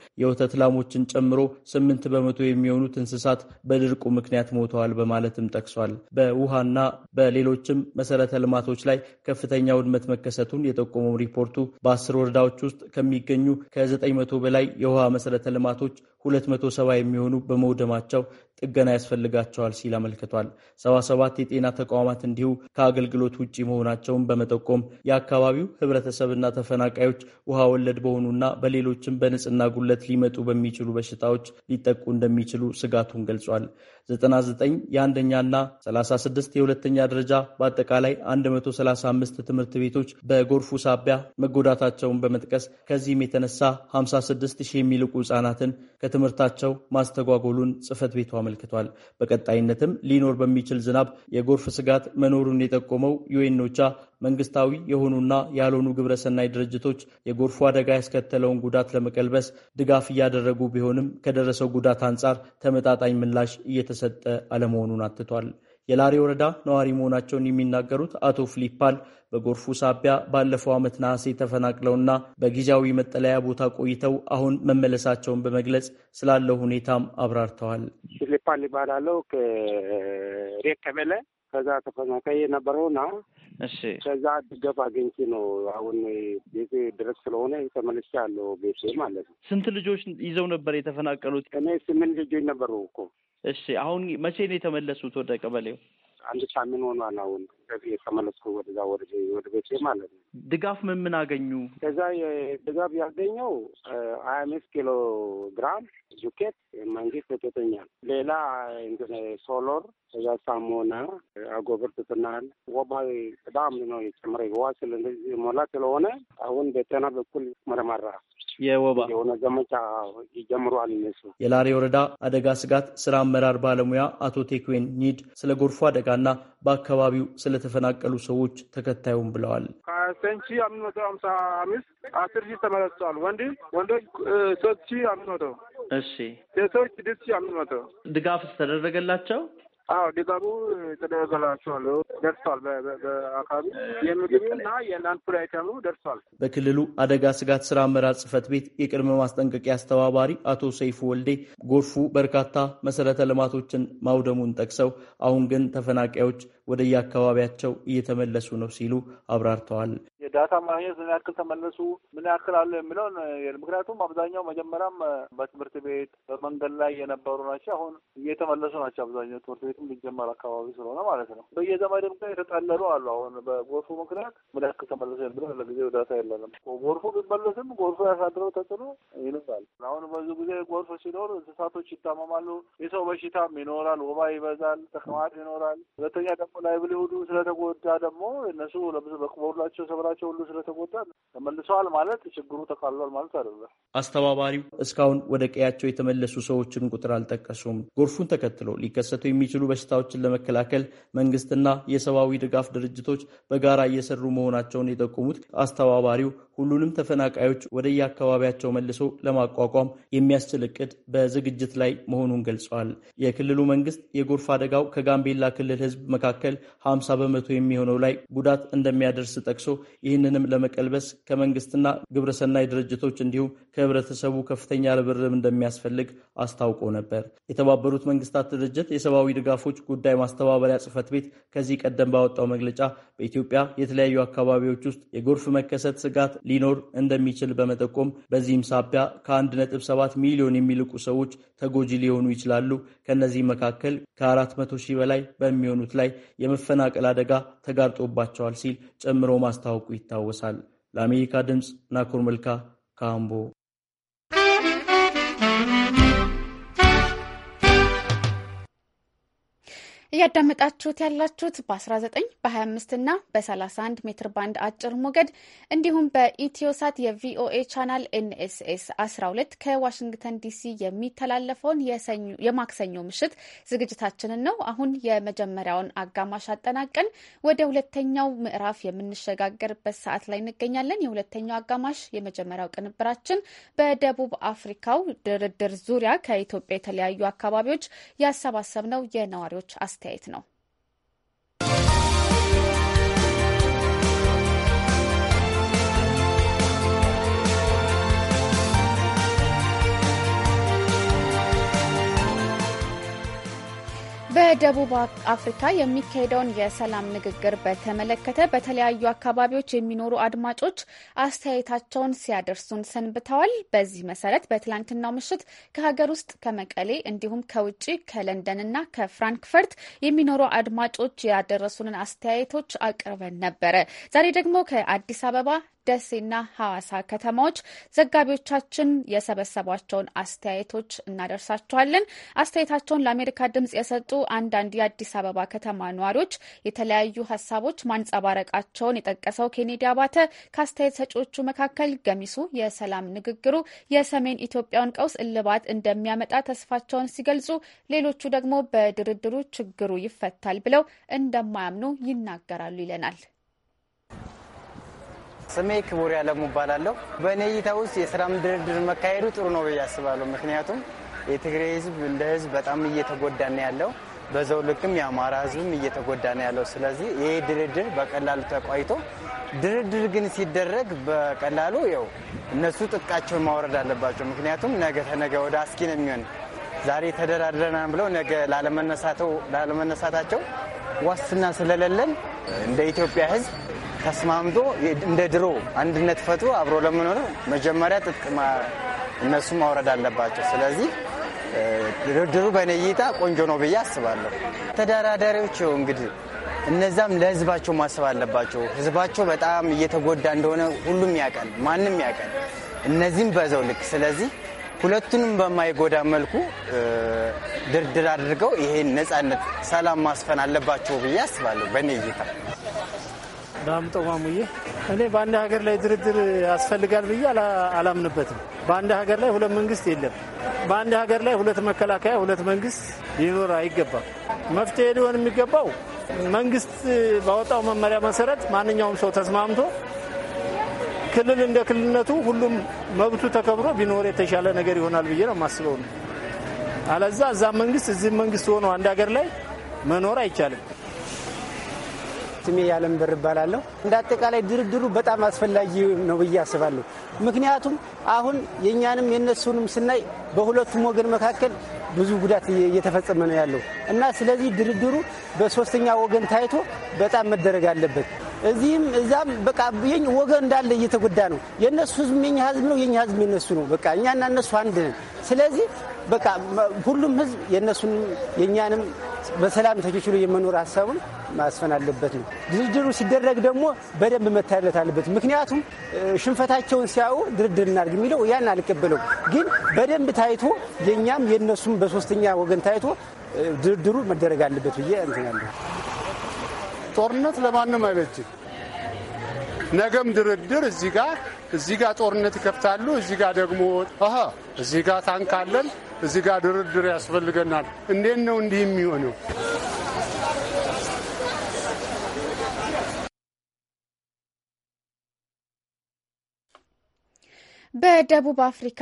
ወተት ላሞችን ጨምሮ ስምንት በመቶ የሚሆኑት እንስሳት በድርቁ ምክንያት ሞተዋል በማለትም ጠቅሷል። በውሃና በሌሎችም መሰረተ ልማቶች ላይ ከፍተኛ ውድመት መከሰቱን የጠቆመው ሪፖርቱ በአስር ወረዳዎች ውስጥ ከሚገኙ ከዘጠኝ መቶ በላይ የውሃ መሰረተ ልማቶች 270 የሚሆኑ በመውደማቸው ጥገና ያስፈልጋቸዋል ሲል አመልክቷል። 77 የጤና ተቋማት እንዲሁ ከአገልግሎት ውጭ መሆናቸውን በመጠቆም የአካባቢው ሕብረተሰብና ተፈናቃዮች ውሃ ወለድ በሆኑና በሌሎችም በንጽህና ጉለት ሊመጡ በሚችሉ በሽታዎች ሊጠቁ እንደሚችሉ ስጋቱን ገልጿል። 99 የአንደኛና 36 የሁለተኛ ደረጃ በአጠቃላይ 135 ትምህርት ቤቶች በጎርፉ ሳቢያ መጎዳታቸውን በመጥቀስ ከዚህም የተነሳ 56 የሚልቁ ህጻናትን ከትምህርታቸው ማስተጓጎሉን ጽህፈት ቤቱ አመልክቷል። በቀጣይነትም ሊኖር በሚችል ዝናብ የጎርፍ ስጋት መኖሩን የጠቆመው ዩኤኖቻ መንግስታዊ የሆኑና ያልሆኑ ግብረሰናይ ድርጅቶች የጎርፉ አደጋ ያስከተለውን ጉዳት ለመቀልበስ ድጋፍ እያደረጉ ቢሆንም ከደረሰው ጉዳት አንጻር ተመጣጣኝ ምላሽ እየተ የተሰጠ አለመሆኑን አትቷል። የላሪ ወረዳ ነዋሪ መሆናቸውን የሚናገሩት አቶ ፊሊፓል በጎርፉ ሳቢያ ባለፈው ዓመት ነሐሴ ተፈናቅለውና በጊዜያዊ መጠለያ ቦታ ቆይተው አሁን መመለሳቸውን በመግለጽ ስላለው ሁኔታም አብራርተዋል። ፊሊፓል ይባላለው ከሬ ከዛ ተፈናቃይ የነበረውና እሺ ከዛ ድጋፍ አግኝቼ ነው አሁን ቤቴ ድረስ ስለሆነ ተመልሼ ያለው ቤቴ ማለት ነው። ስንት ልጆች ይዘው ነበር የተፈናቀሉት? እኔ ስምንት ልጆች ነበሩ እኮ። እሺ አሁን መቼ ነው የተመለሱት ወደ ቀበሌው? አንድ ሳምንት ሆኗል። አሁን ከዚህ የተመለስኩ ወደዛ ወደ ወደ ቤቴ ማለት ነው። ድጋፍ ምን ምን አገኙ? ከዛ ድጋፍ ያገኘው ሀያ አምስት ኪሎ ግራም ዱቄት መንግስት ሰጥቶኛል። ሌላ ሶሎር ከዛ ሳሙና አጎበር ትትናል ወባ ቅዳም ነው የጨምረ ዋ ስለዚህ ሞላ ስለሆነ አሁን በጤና በኩል መረማራ የወባ የሆነ ዘመቻ ይጀምሯል። እነሱ የላሬ ወረዳ አደጋ ስጋት ስራ አመራር ባለሙያ አቶ ቴኩዌን ኒድ ስለ ጎርፉ አደጋ ወረዳና በአካባቢው ስለተፈናቀሉ ሰዎች ተከታዩም ብለዋል። ከሰንቺ አምስት መቶ ሀምሳ አምስት አስር ሺህ ተመለሰዋል። ወንድ ወንዶች ሶስት ሺህ አምስት መቶ እሺ ሴቶች ስድስት ሺህ አምስት መቶ ድጋፍ ተደረገላቸው። አዎ ድጋሙ ተደረገላቸዋል ደርሷል። በአካባቢ የምግብና የእንዳንድ አይተሙ ደርሷል። በክልሉ አደጋ ስጋት ስራ አመራር ጽህፈት ቤት የቅድመ ማስጠንቀቂያ አስተባባሪ አቶ ሰይፉ ወልዴ ጎርፉ በርካታ መሰረተ ልማቶችን ማውደሙን ጠቅሰው አሁን ግን ተፈናቃዮች ወደየአካባቢያቸው እየተመለሱ ነው ሲሉ አብራርተዋል። የዳታ ማግኘት ምን ያክል ተመለሱ፣ ምን ያክል አለ የሚለውን ምክንያቱም አብዛኛው መጀመሪያም በትምህርት ቤት በመንገድ ላይ የነበሩ ናቸው። አሁን እየተመለሱ ናቸው። አብዛኛው ትምህርት ቤትም ሊጀመር አካባቢ ስለሆነ ማለት ነው። በየዘመድም ጋር የተጠለሉ አሉ። አሁን በጎርፉ ምክንያት ምን ያክል ተመለሱ የሚለው ለጊዜው ዳታ የለንም። ጎርፉ ቢመለስም ጎርፉ ያሳድረው ተጽዕኖ ይልሳል። አሁን ብዙ ጊዜ ጎርፍ ሲኖር እንስሳቶች ይታመማሉ፣ የሰው በሽታም ይኖራል፣ ወባ ይበዛል፣ ተቅማጥ ይኖራል። ሁለተኛ ደግሞ ላይብሊሁዱ ስለተጎዳ ደግሞ እነሱ በቅበሩላቸው ሰብራቸው ሁሉ ስለተጎዳ ተመልሰዋል ማለት ችግሩ ተካሏል ማለት አይደለም። አስተባባሪው እስካሁን ወደ ቀያቸው የተመለሱ ሰዎችን ቁጥር አልጠቀሱም። ጎርፉን ተከትሎ ሊከሰቱ የሚችሉ በሽታዎችን ለመከላከል መንግስትና የሰብአዊ ድጋፍ ድርጅቶች በጋራ እየሰሩ መሆናቸውን የጠቁሙት አስተባባሪው ሁሉንም ተፈናቃዮች ወደየአካባቢያቸው መልሶ ለማቋቋም የሚያስችል እቅድ በዝግጅት ላይ መሆኑን ገልጸዋል። የክልሉ መንግስት የጎርፍ አደጋው ከጋምቤላ ክልል ህዝብ መካከል 50 በመቶ የሚሆነው ላይ ጉዳት እንደሚያደርስ ጠቅሶ ይህንንም ለመቀልበስ ከመንግስትና ግብረሰናይ ድርጅቶች እንዲሁም ከህብረተሰቡ ከፍተኛ ርብርብ እንደሚያስፈልግ አስታውቆ ነበር። የተባበሩት መንግስታት ድርጅት የሰብአዊ ድጋፎች ጉዳይ ማስተባበሪያ ጽህፈት ቤት ከዚህ ቀደም ባወጣው መግለጫ በኢትዮጵያ የተለያዩ አካባቢዎች ውስጥ የጎርፍ መከሰት ስጋት ሊኖር እንደሚችል በመጠቆም በዚህም ሳቢያ ከ1.7 ሚሊዮን የሚልቁ ሰዎች ተጎጂ ሊሆኑ ይችላሉ። ከእነዚህ መካከል ከ400 ሺህ በላይ በሚሆኑት ላይ የመፈናቀል አደጋ ተጋርጦባቸዋል ሲል ጨምሮ ማስታወቁ ይታወሳል። ለአሜሪካ ድምፅ ናኩር መልካ ካምቦ እያዳመጣችሁት ያላችሁት በ19 በ25 እና በ31 ሜትር ባንድ አጭር ሞገድ እንዲሁም በኢትዮሳት የቪኦኤ ቻናል ኤንኤስኤስ 12 ከዋሽንግተን ዲሲ የሚተላለፈውን የማክሰኞ ምሽት ዝግጅታችንን ነው። አሁን የመጀመሪያውን አጋማሽ አጠናቀን ወደ ሁለተኛው ምዕራፍ የምንሸጋገርበት ሰዓት ላይ እንገኛለን። የሁለተኛው አጋማሽ የመጀመሪያው ቅንብራችን በደቡብ አፍሪካው ድርድር ዙሪያ ከኢትዮጵያ የተለያዩ አካባቢዎች ያሰባሰብነው የነዋሪዎች አስ አስተያየት ነው። በደቡብ አፍሪካ የሚካሄደውን የሰላም ንግግር በተመለከተ በተለያዩ አካባቢዎች የሚኖሩ አድማጮች አስተያየታቸውን ሲያደርሱን ሰንብተዋል። በዚህ መሰረት በትላንትናው ምሽት ከሀገር ውስጥ ከመቀሌ፣ እንዲሁም ከውጭ ከለንደንና ከፍራንክፈርት የሚኖሩ አድማጮች ያደረሱንን አስተያየቶች አቅርበን ነበረ። ዛሬ ደግሞ ከአዲስ አበባ ደሴና ሐዋሳ ከተማዎች ዘጋቢዎቻችን የሰበሰቧቸውን አስተያየቶች እናደርሳችኋለን። አስተያየታቸውን ለአሜሪካ ድምጽ የሰጡ አንዳንድ የአዲስ አበባ ከተማ ነዋሪዎች የተለያዩ ሀሳቦች ማንጸባረቃቸውን የጠቀሰው ኬኔዲ አባተ ከአስተያየት ሰጪዎቹ መካከል ገሚሱ የሰላም ንግግሩ የሰሜን ኢትዮጵያውን ቀውስ እልባት እንደሚያመጣ ተስፋቸውን ሲገልጹ፣ ሌሎቹ ደግሞ በድርድሩ ችግሩ ይፈታል ብለው እንደማያምኑ ይናገራሉ ይለናል። ስሜ ክቡር ያለሙ እባላለሁ። በእኔ እይታ ውስጥ የሰላም ድርድር መካሄዱ ጥሩ ነው ብዬ አስባለሁ። ምክንያቱም የትግራይ ህዝብ እንደ ህዝብ በጣም እየተጎዳ ነው ያለው፣ በዛው ልክም የአማራ ህዝብም እየተጎዳ ነው ያለው። ስለዚህ ይሄ ድርድር በቀላሉ ተቋይቶ ድርድር ግን ሲደረግ በቀላሉ ያው እነሱ ጥጥቃቸውን ማውረድ አለባቸው። ምክንያቱም ነገ ተነገ ወደ አስኪ ነው የሚሆን። ዛሬ ተደራድረናል ብለው ነገ ላለመነሳታቸው ዋስትና ስለሌለን እንደ ኢትዮጵያ ህዝብ ተስማምቶ እንደ ድሮ አንድነት ፈጥሮ አብሮ ለመኖር መጀመሪያ ጥጥቅ እነሱ ማውረድ አለባቸው። ስለዚህ ድርድሩ በእኔ እይታ ቆንጆ ነው ብዬ አስባለሁ። ተደራዳሪዎች እንግዲህ እነዛም ለህዝባቸው ማሰብ አለባቸው። ህዝባቸው በጣም እየተጎዳ እንደሆነ ሁሉም ያውቃል፣ ማንም ያውቃል። እነዚህም በዛው ልክ። ስለዚህ ሁለቱንም በማይጎዳ መልኩ ድርድር አድርገው ይሄን ነጻነት፣ ሰላም ማስፈን አለባቸው ብዬ አስባለሁ በእኔ እይታ። ዳምጦ ማሙዬ እኔ በአንድ ሀገር ላይ ድርድር ያስፈልጋል ብዬ አላምንበትም። በአንድ ሀገር ላይ ሁለት መንግስት የለም። በአንድ ሀገር ላይ ሁለት መከላከያ፣ ሁለት መንግስት ሊኖር አይገባም። መፍትሄ ሊሆን የሚገባው መንግስት ባወጣው መመሪያ መሰረት ማንኛውም ሰው ተስማምቶ ክልል እንደ ክልልነቱ ሁሉም መብቱ ተከብሮ ቢኖር የተሻለ ነገር ይሆናል ብዬ ነው የማስበው ነው አለዛ እዛ መንግስት እዚህ መንግስት ሆኖ አንድ ሀገር ላይ መኖር አይቻልም። ስሜ የዓለም በር እባላለሁ። እንደ አጠቃላይ ድርድሩ በጣም አስፈላጊ ነው ብዬ አስባለሁ። ምክንያቱም አሁን የእኛንም የእነሱንም ስናይ በሁለቱም ወገን መካከል ብዙ ጉዳት እየተፈጸመ ነው ያለው እና ስለዚህ ድርድሩ በሶስተኛ ወገን ታይቶ በጣም መደረግ አለበት። እዚህም እዛም በቃ ወገን እንዳለ እየተጎዳ ነው። የእነሱ ህዝብ የኛ ህዝብ ነው፣ የኛ ህዝብ የነሱ ነው። በቃ እኛና እነሱ አንድ ነን። ስለዚህ በቃ ሁሉም ህዝብ የእነሱን የእኛንም በሰላም ተችችሎ የመኖር ሀሳቡን ማስፈን አለበት ነው። ድርድሩ ሲደረግ ደግሞ በደንብ መታለት አለበት። ምክንያቱም ሽንፈታቸውን ሲያዩ ድርድር እናድርግ የሚለው ያን አልቀበለው፣ ግን በደንብ ታይቶ የእኛም የእነሱም በሶስተኛ ወገን ታይቶ ድርድሩ መደረግ አለበት ብዬ እንትናለሁ። ጦርነት ለማንም አይበጅም። ነገም ድርድር እዚህ ጋር እዚህ ጋር ጦርነት ይከፍታሉ። እዚህ ጋር ደግሞ እዚህ ጋር ታንክ አለን እዚህ ጋር ድርድር ያስፈልገናል። እንዴት ነው እንዲህ የሚሆነው? በደቡብ አፍሪካ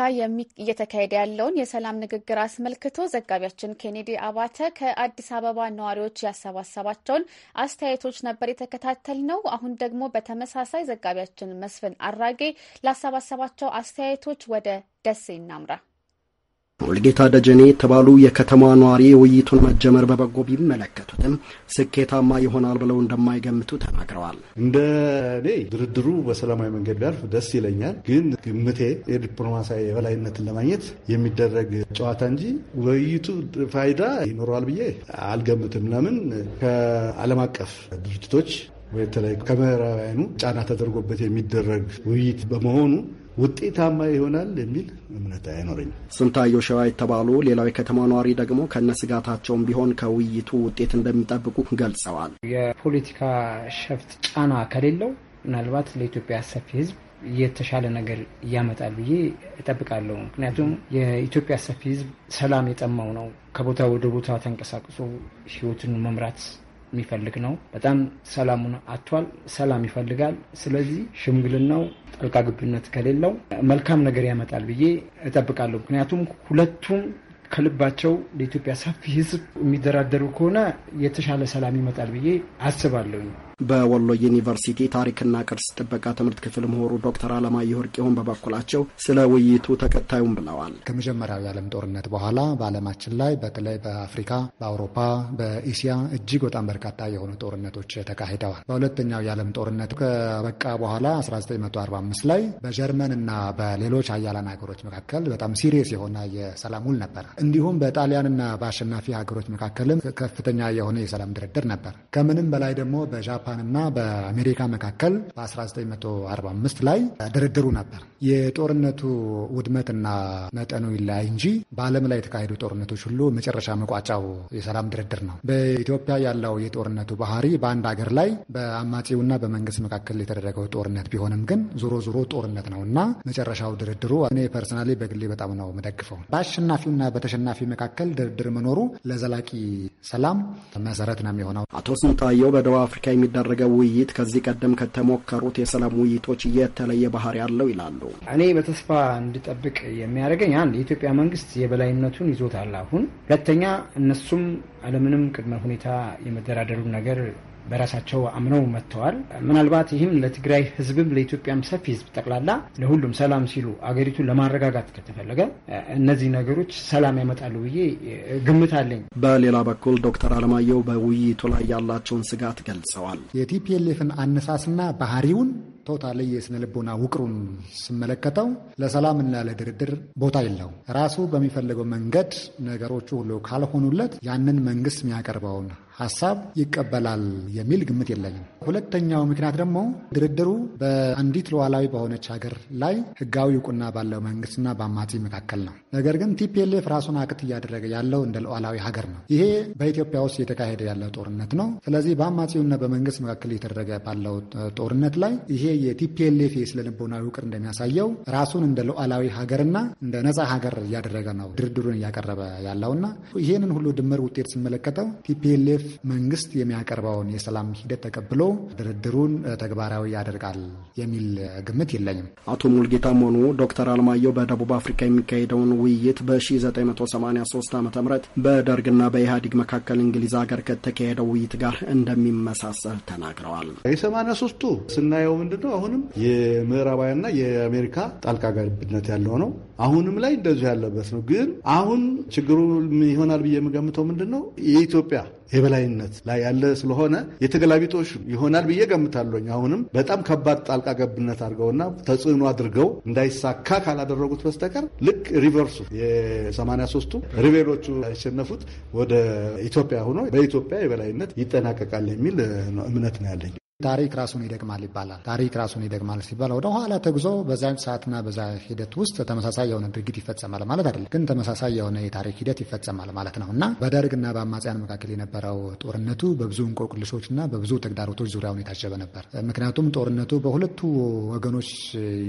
እየተካሄደ ያለውን የሰላም ንግግር አስመልክቶ ዘጋቢያችን ኬኔዲ አባተ ከአዲስ አበባ ነዋሪዎች ያሰባሰባቸውን አስተያየቶች ነበር የተከታተል ነው። አሁን ደግሞ በተመሳሳይ ዘጋቢያችን መስፍን አራጌ ላሰባሰባቸው አስተያየቶች ወደ ደሴ እናምራ። ሙልጌታ ደጀኔ የተባሉ የከተማ ነዋሪ ውይይቱን መጀመር በበጎ ቢመለከቱትም ስኬታማ ይሆናል ብለው እንደማይገምቱ ተናግረዋል። እንደ እኔ ድርድሩ በሰላማዊ መንገድ ቢያልፍ ደስ ይለኛል። ግን ግምቴ የዲፕሎማሲያዊ የበላይነትን ለማግኘት የሚደረግ ጨዋታ እንጂ ውይይቱ ፋይዳ ይኖረዋል ብዬ አልገምትም። ለምን ከዓለም አቀፍ ድርጅቶች በተለይ ከምዕራባውያኑ ጫና ተደርጎበት የሚደረግ ውይይት በመሆኑ ውጤታማ ይሆናል የሚል እምነት አይኖረኝም። ስንታየሁ ሸዋ የተባሉ ሌላው የከተማ ነዋሪ ደግሞ ከነ ስጋታቸውም ቢሆን ከውይይቱ ውጤት እንደሚጠብቁ ገልጸዋል። የፖለቲካ ሸፍት ጫና ከሌለው ምናልባት ለኢትዮጵያ ሰፊ ህዝብ የተሻለ ነገር ያመጣል ብዬ እጠብቃለሁ። ምክንያቱም የኢትዮጵያ ሰፊ ህዝብ ሰላም የጠማው ነው። ከቦታ ወደ ቦታ ተንቀሳቅሶ ህይወትን መምራት የሚፈልግ ነው። በጣም ሰላሙን አቷል ሰላም ይፈልጋል። ስለዚህ ሽምግልናው ጣልቃ ግብነት ከሌለው መልካም ነገር ያመጣል ብዬ እጠብቃለሁ። ምክንያቱም ሁለቱም ከልባቸው ለኢትዮጵያ ሰፊ ሕዝብ የሚደራደሩ ከሆነ የተሻለ ሰላም ይመጣል ብዬ አስባለሁኝ። በወሎ ዩኒቨርሲቲ ታሪክና ቅርስ ጥበቃ ትምህርት ክፍል ምሁሩ ዶክተር አለማየሁ እርቅሆን በበኩላቸው ስለ ውይይቱ ተከታዩም ብለዋል። ከመጀመሪያው የዓለም ጦርነት በኋላ በዓለማችን ላይ በተለይ በአፍሪካ፣ በአውሮፓ፣ በኤስያ እጅግ በጣም በርካታ የሆኑ ጦርነቶች ተካሂደዋል። በሁለተኛው የዓለም ጦርነት ከበቃ በኋላ 1945 ላይ በጀርመን እና በሌሎች አያላን ሀገሮች መካከል በጣም ሲሪየስ የሆነ የሰላም ውል ነበረ። እንዲሁም በጣሊያንና በአሸናፊ ሀገሮች መካከልም ከፍተኛ የሆነ የሰላም ድርድር ነበር። ከምንም በላይ ደግሞ በጃ በጃፓንና በአሜሪካ መካከል በ1945 ላይ ድርድሩ ነበር። የጦርነቱ ውድመትና መጠኑ ይለያይ እንጂ በዓለም ላይ የተካሄዱ ጦርነቶች ሁሉ መጨረሻ መቋጫው የሰላም ድርድር ነው። በኢትዮጵያ ያለው የጦርነቱ ባህሪ በአንድ ሀገር ላይ በአማጺውና በመንግስት መካከል የተደረገው ጦርነት ቢሆንም ግን ዞሮ ዞሮ ጦርነት ነው እና መጨረሻው ድርድሩ እኔ ፐርሰናሊ በግሌ በጣም ነው የምደግፈው። በአሸናፊውና በተሸናፊ መካከል ድርድር መኖሩ ለዘላቂ ሰላም መሰረት ነው የሚሆነው። አቶ ስንታየው በደቡብ አፍሪካ የሚ የሚደረገው ውይይት ከዚህ ቀደም ከተሞከሩት የሰላም ውይይቶች የተለየ ባህሪ ያለው ይላሉ። እኔ በተስፋ እንድጠብቅ የሚያደርገኝ አንድ የኢትዮጵያ መንግስት የበላይነቱን ይዞታል አሁን። ሁለተኛ እነሱም አለምንም ቅድመ ሁኔታ የመደራደሩን ነገር በራሳቸው አምነው መጥተዋል። ምናልባት ይህም ለትግራይ ህዝብም ለኢትዮጵያም ሰፊ ህዝብ ጠቅላላ ለሁሉም ሰላም ሲሉ አገሪቱን ለማረጋጋት ከተፈለገ እነዚህ ነገሮች ሰላም ያመጣሉ ብዬ ግምት አለኝ። በሌላ በኩል ዶክተር አለማየሁ በውይይቱ ላይ ያላቸውን ስጋት ገልጸዋል። የቲፒኤልኤፍን አነሳስና ባህሪውን ቶታል የስነ ልቦና ውቅሩን ስመለከተው ለሰላምና ለድርድር ቦታ የለው። ራሱ በሚፈልገው መንገድ ነገሮቹ ሁሉ ካልሆኑለት ያንን መንግስት የሚያቀርበውን ሀሳብ ይቀበላል የሚል ግምት የለኝም። ሁለተኛው ምክንያት ደግሞ ድርድሩ በአንዲት ሉዓላዊ በሆነች ሀገር ላይ ህጋዊ እውቅና ባለው መንግስትና በአማጺ መካከል ነው። ነገር ግን ቲፒኤልኤፍ ራሱን አክት እያደረገ ያለው እንደ ሉዓላዊ ሀገር ነው። ይሄ በኢትዮጵያ ውስጥ እየተካሄደ ያለው ጦርነት ነው። ስለዚህ በአማጺውና በመንግስት መካከል እየተደረገ ባለው ጦርነት ላይ ይሄ የቲፒኤልኤፍ የስነ ልቦናዊ ውቅር እንደሚያሳየው ራሱን እንደ ሉዓላዊ ሀገርና እንደ ነፃ ሀገር እያደረገ ነው ድርድሩን እያቀረበ ያለውና ይህንን ሁሉ ድምር ውጤት ስመለከተው ቲፒኤልኤፍ ዩኒሴፍ መንግስት የሚያቀርበውን የሰላም ሂደት ተቀብሎ ድርድሩን ተግባራዊ ያደርጋል የሚል ግምት የለኝም። አቶ ሙልጌታ ሞኖ ዶክተር አልማየሁ በደቡብ አፍሪካ የሚካሄደውን ውይይት በ1983 ዓ ም በደርግና በኢህአዴግ መካከል እንግሊዝ ሀገር ከተካሄደው ውይይት ጋር እንደሚመሳሰል ተናግረዋል። የ83ቱ ስናየው ምንድነው አሁንም የምዕራባውያንና የአሜሪካ ጣልቃ ገብነት ያለው ነው። አሁንም ላይ እንደዚሁ ያለበት ነው። ግን አሁን ችግሩ ይሆናል ብዬ የምገምተው ምንድን ነው የኢትዮጵያ የበላይነት ላይ ያለ ስለሆነ የተገላቢጦሽ ይሆናል ብዬ ገምታለኝ። አሁንም በጣም ከባድ ጣልቃ ገብነት አድርገውና ተጽዕኖ አድርገው እንዳይሳካ ካላደረጉት በስተቀር ልክ ሪቨርሱ የ83ቱ ሪቬሎቹ ያሸነፉት ወደ ኢትዮጵያ ሆኖ በኢትዮጵያ የበላይነት ይጠናቀቃል የሚል እምነት ነው ያለኝ። ታሪክ ራሱን ይደግማል ይባላል። ታሪክ ራሱን ይደግማል ሲባል ወደ ኋላ ተጉዞ በዛ ሰዓትና በዛ ሂደት ውስጥ ተመሳሳይ የሆነ ድርጊት ይፈጸማል ማለት አይደለም፣ ግን ተመሳሳይ የሆነ የታሪክ ሂደት ይፈጸማል ማለት ነው እና በደርግና በአማጽያን መካከል የነበረው ጦርነቱ በብዙ እንቆቅልሾችና በብዙ ተግዳሮቶች ዙሪያውን የታጀበ ነበር። ምክንያቱም ጦርነቱ በሁለቱ ወገኖች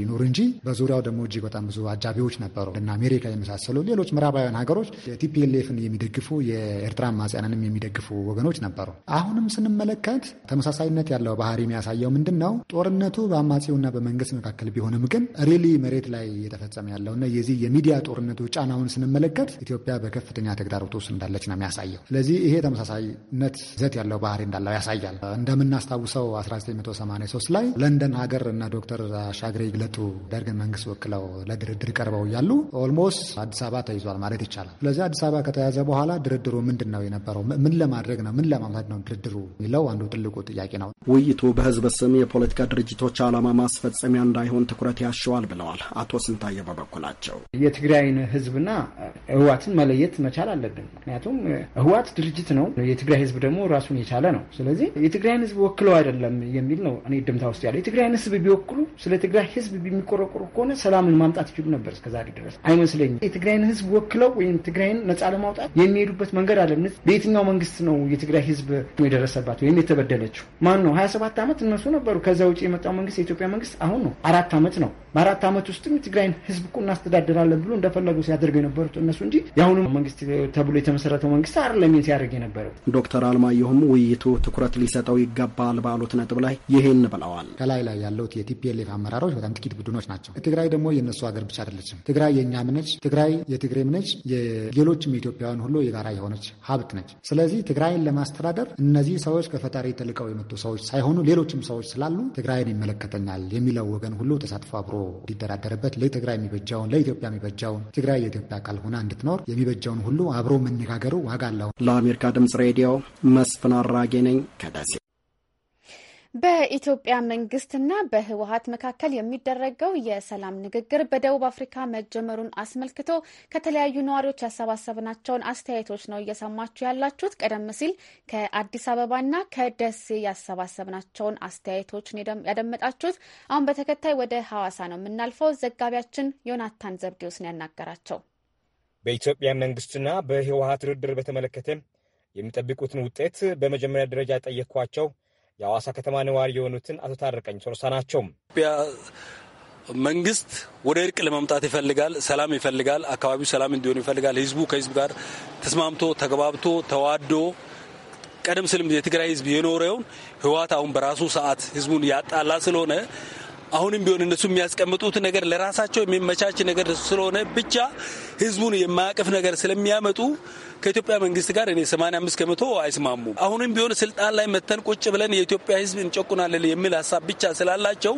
ይኖር እንጂ በዙሪያው ደግሞ እጅግ በጣም ብዙ አጃቢዎች ነበሩ እና አሜሪካ የመሳሰሉ ሌሎች ምዕራባውያን ሀገሮች የቲፒኤልኤፍን የሚደግፉ የኤርትራ አማጽያንንም የሚደግፉ ወገኖች ነበሩ። አሁንም ስንመለከት ተመሳሳይነት ያለው ባህሪ የሚያሳየው ምንድን ነው? ጦርነቱ በአማጺውና በመንግስት መካከል ቢሆንም ግን ሪሊ መሬት ላይ እየተፈጸመ ያለውና የዚህ የሚዲያ ጦርነቱ ጫናውን ስንመለከት ኢትዮጵያ በከፍተኛ ተግዳሮት ውስጥ እንዳለች ነው የሚያሳየው። ስለዚህ ይሄ ተመሳሳይነት ይዘት ያለው ባህሪ እንዳለው ያሳያል። እንደምናስታውሰው 1983 ላይ ለንደን ሀገር እና ዶክተር ሻግሬ ይግለጡ ደርግን መንግስት ወክለው ለድርድር ቀርበው እያሉ ኦልሞስት አዲስ አበባ ተይዟል ማለት ይቻላል። ስለዚህ አዲስ አበባ ከተያዘ በኋላ ድርድሩ ምንድን ነው የነበረው? ምን ለማድረግ ነው? ምን ለማምታት ነው ድርድሩ የሚለው አንዱ ትልቁ ጥያቄ ነው። ውይይቱ በህዝብ ስም የፖለቲካ ድርጅቶች ዓላማ ማስፈጸሚያ እንዳይሆን ትኩረት ያሸዋል ብለዋል። አቶ ስንታየ በበኩላቸው የትግራይን ህዝብና ህዋትን መለየት መቻል አለብን። ምክንያቱም ህዋት ድርጅት ነው፣ የትግራይ ህዝብ ደግሞ ራሱን የቻለ ነው። ስለዚህ የትግራይን ህዝብ ወክለው አይደለም የሚል ነው እኔ ድምታ ውስጥ ያለ። የትግራይን ህዝብ ቢወክሉ ስለ ትግራይ ህዝብ የሚቆረቆሩ ከሆነ ሰላምን ማምጣት ይችሉ ነበር። እስከዛሬ ድረስ አይመስለኝም። የትግራይን ህዝብ ወክለው ወይም ትግራይን ነጻ ለማውጣት የሚሄዱበት መንገድ አለ። በየትኛው መንግስት ነው የትግራይ ህዝብ የደረሰባት ወይም የተበደለችው? ማን ነው? ሰባት ዓመት እነሱ ነበሩ። ከዛ ውጭ የመጣው መንግስት የኢትዮጵያ መንግስት አሁን ነው አራት ዓመት ነው በአራት ዓመት ውስጥም የትግራይን ህዝብ እኮ እናስተዳድራለን ብሎ እንደፈለጉ ሲያደርገ የነበሩት እነሱ እንጂ የአሁኑ መንግስት ተብሎ የተመሰረተው መንግስት አይደለም ሲያደርግ የነበረው። ዶክተር አልማየሁም ውይይቱ ትኩረት ሊሰጠው ይገባል ባሉት ነጥብ ላይ ይህን ብለዋል። ከላይ ላይ ያሉት የቲፒኤልኤፍ አመራሮች በጣም ጥቂት ቡድኖች ናቸው። ትግራይ ደግሞ የእነሱ ሀገር ብቻ አይደለችም። ትግራይ የእኛም ነች። ትግራይ የትግሬም ነች። የሌሎችም ኢትዮጵያውያን ሁሉ የጋራ የሆነች ሀብት ነች። ስለዚህ ትግራይን ለማስተዳደር እነዚህ ሰዎች ከፈጣሪ ተልቀው የመጡ ሰዎች ሳይሆኑ ሌሎችም ሰዎች ስላሉ ትግራይን ይመለከተኛል የሚለው ወገን ሁሉ ተሳትፎ አብሮ ሊደራደርበት ለትግራይ የሚበጃውን ለኢትዮጵያ የሚበጃውን ትግራይ የኢትዮጵያ አካል ሆና እንድትኖር የሚበጃውን ሁሉ አብሮ መነጋገሩ ዋጋ አለው። ለአሜሪካ ድምጽ ሬዲዮ መስፍን አራጌ ነኝ ከደሴ። በኢትዮጵያ መንግስትና በህወሀት መካከል የሚደረገው የሰላም ንግግር በደቡብ አፍሪካ መጀመሩን አስመልክቶ ከተለያዩ ነዋሪዎች ያሰባሰብናቸውን አስተያየቶች ነው እየሰማችሁ ያላችሁት። ቀደም ሲል ከአዲስ አበባና ከደሴ ያሰባሰብናቸውን አስተያየቶች ያደመጣችሁት። አሁን በተከታይ ወደ ሐዋሳ ነው የምናልፈው። ዘጋቢያችን ዮናታን ዘብዴዎስን ነው ያናገራቸው። በኢትዮጵያ መንግስትና በህወሀት ድርድር በተመለከተ የሚጠብቁትን ውጤት በመጀመሪያ ደረጃ ጠየኳቸው። የአዋሳ ከተማ ነዋሪ የሆኑትን አቶ ታረቀኝ ሶርሳ ናቸው። ኢትዮጵያ መንግስት ወደ እርቅ ለመምጣት ይፈልጋል፣ ሰላም ይፈልጋል፣ አካባቢው ሰላም እንዲሆን ይፈልጋል። ህዝቡ ከህዝብ ጋር ተስማምቶ ተግባብቶ ተዋዶ ቀደም ስልም የትግራይ ህዝብ የኖረውን ህወሓት አሁን በራሱ ሰዓት ህዝቡን ያጣላ ስለሆነ አሁንም ቢሆን እነሱ የሚያስቀምጡት ነገር ለራሳቸው የሚመቻች ነገር ስለሆነ ብቻ ህዝቡን የማያቅፍ ነገር ስለሚያመጡ ከኢትዮጵያ መንግስት ጋር እኔ 85 ከመቶ አይስማሙም። አሁንም ቢሆን ስልጣን ላይ መተን ቁጭ ብለን የኢትዮጵያ ህዝብ እንጨቁናለን የሚል ሀሳብ ብቻ ስላላቸው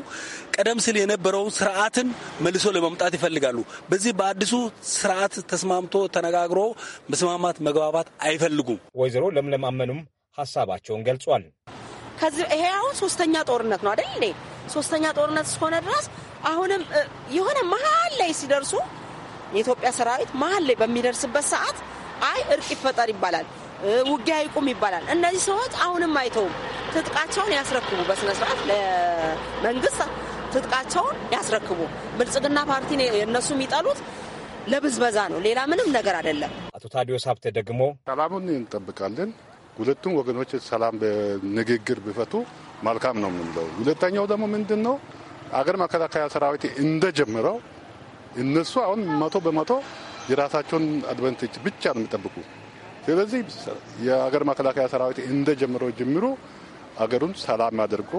ቀደም ሲል የነበረውን ስርዓትን መልሶ ለመምጣት ይፈልጋሉ። በዚህ በአዲሱ ስርዓት ተስማምቶ ተነጋግሮ መስማማት፣ መግባባት አይፈልጉም። ወይዘሮ ለምለም አመኑም ሀሳባቸውን ገልጿል። ይሄ አሁን ሶስተኛ ጦርነት ነው አደል ሶስተኛ ጦርነት እስከሆነ ድረስ አሁንም የሆነ መሀል ላይ ሲደርሱ የኢትዮጵያ ሰራዊት መሀል ላይ በሚደርስበት ሰዓት አይ እርቅ ይፈጠር ይባላል፣ ውጊያ ይቁም ይባላል። እነዚህ ሰዎች አሁንም አይተውም። ትጥቃቸውን ያስረክቡ፣ በስነስርዓት ለመንግስት ትጥቃቸውን ያስረክቡ። ብልጽግና ፓርቲ እነሱ የሚጠሉት ለብዝበዛ ነው፣ ሌላ ምንም ነገር አይደለም። አቶ ታዲዮስ ሀብቴ ደግሞ ሰላሙን እንጠብቃለን ሁለቱም ወገኖች ሰላም በንግግር ቢፈቱ መልካም ነው የምንለው። ሁለተኛው ደግሞ ምንድን ነው አገር መከላከያ ሰራዊት እንደጀምረው እነሱ አሁን መቶ በመቶ የራሳቸውን አድቨንቴጅ ብቻ ነው የሚጠብቁ። ስለዚህ የአገር መከላከያ ሰራዊት እንደጀምረው ጀምሮ አገሩን ሰላም አድርጎ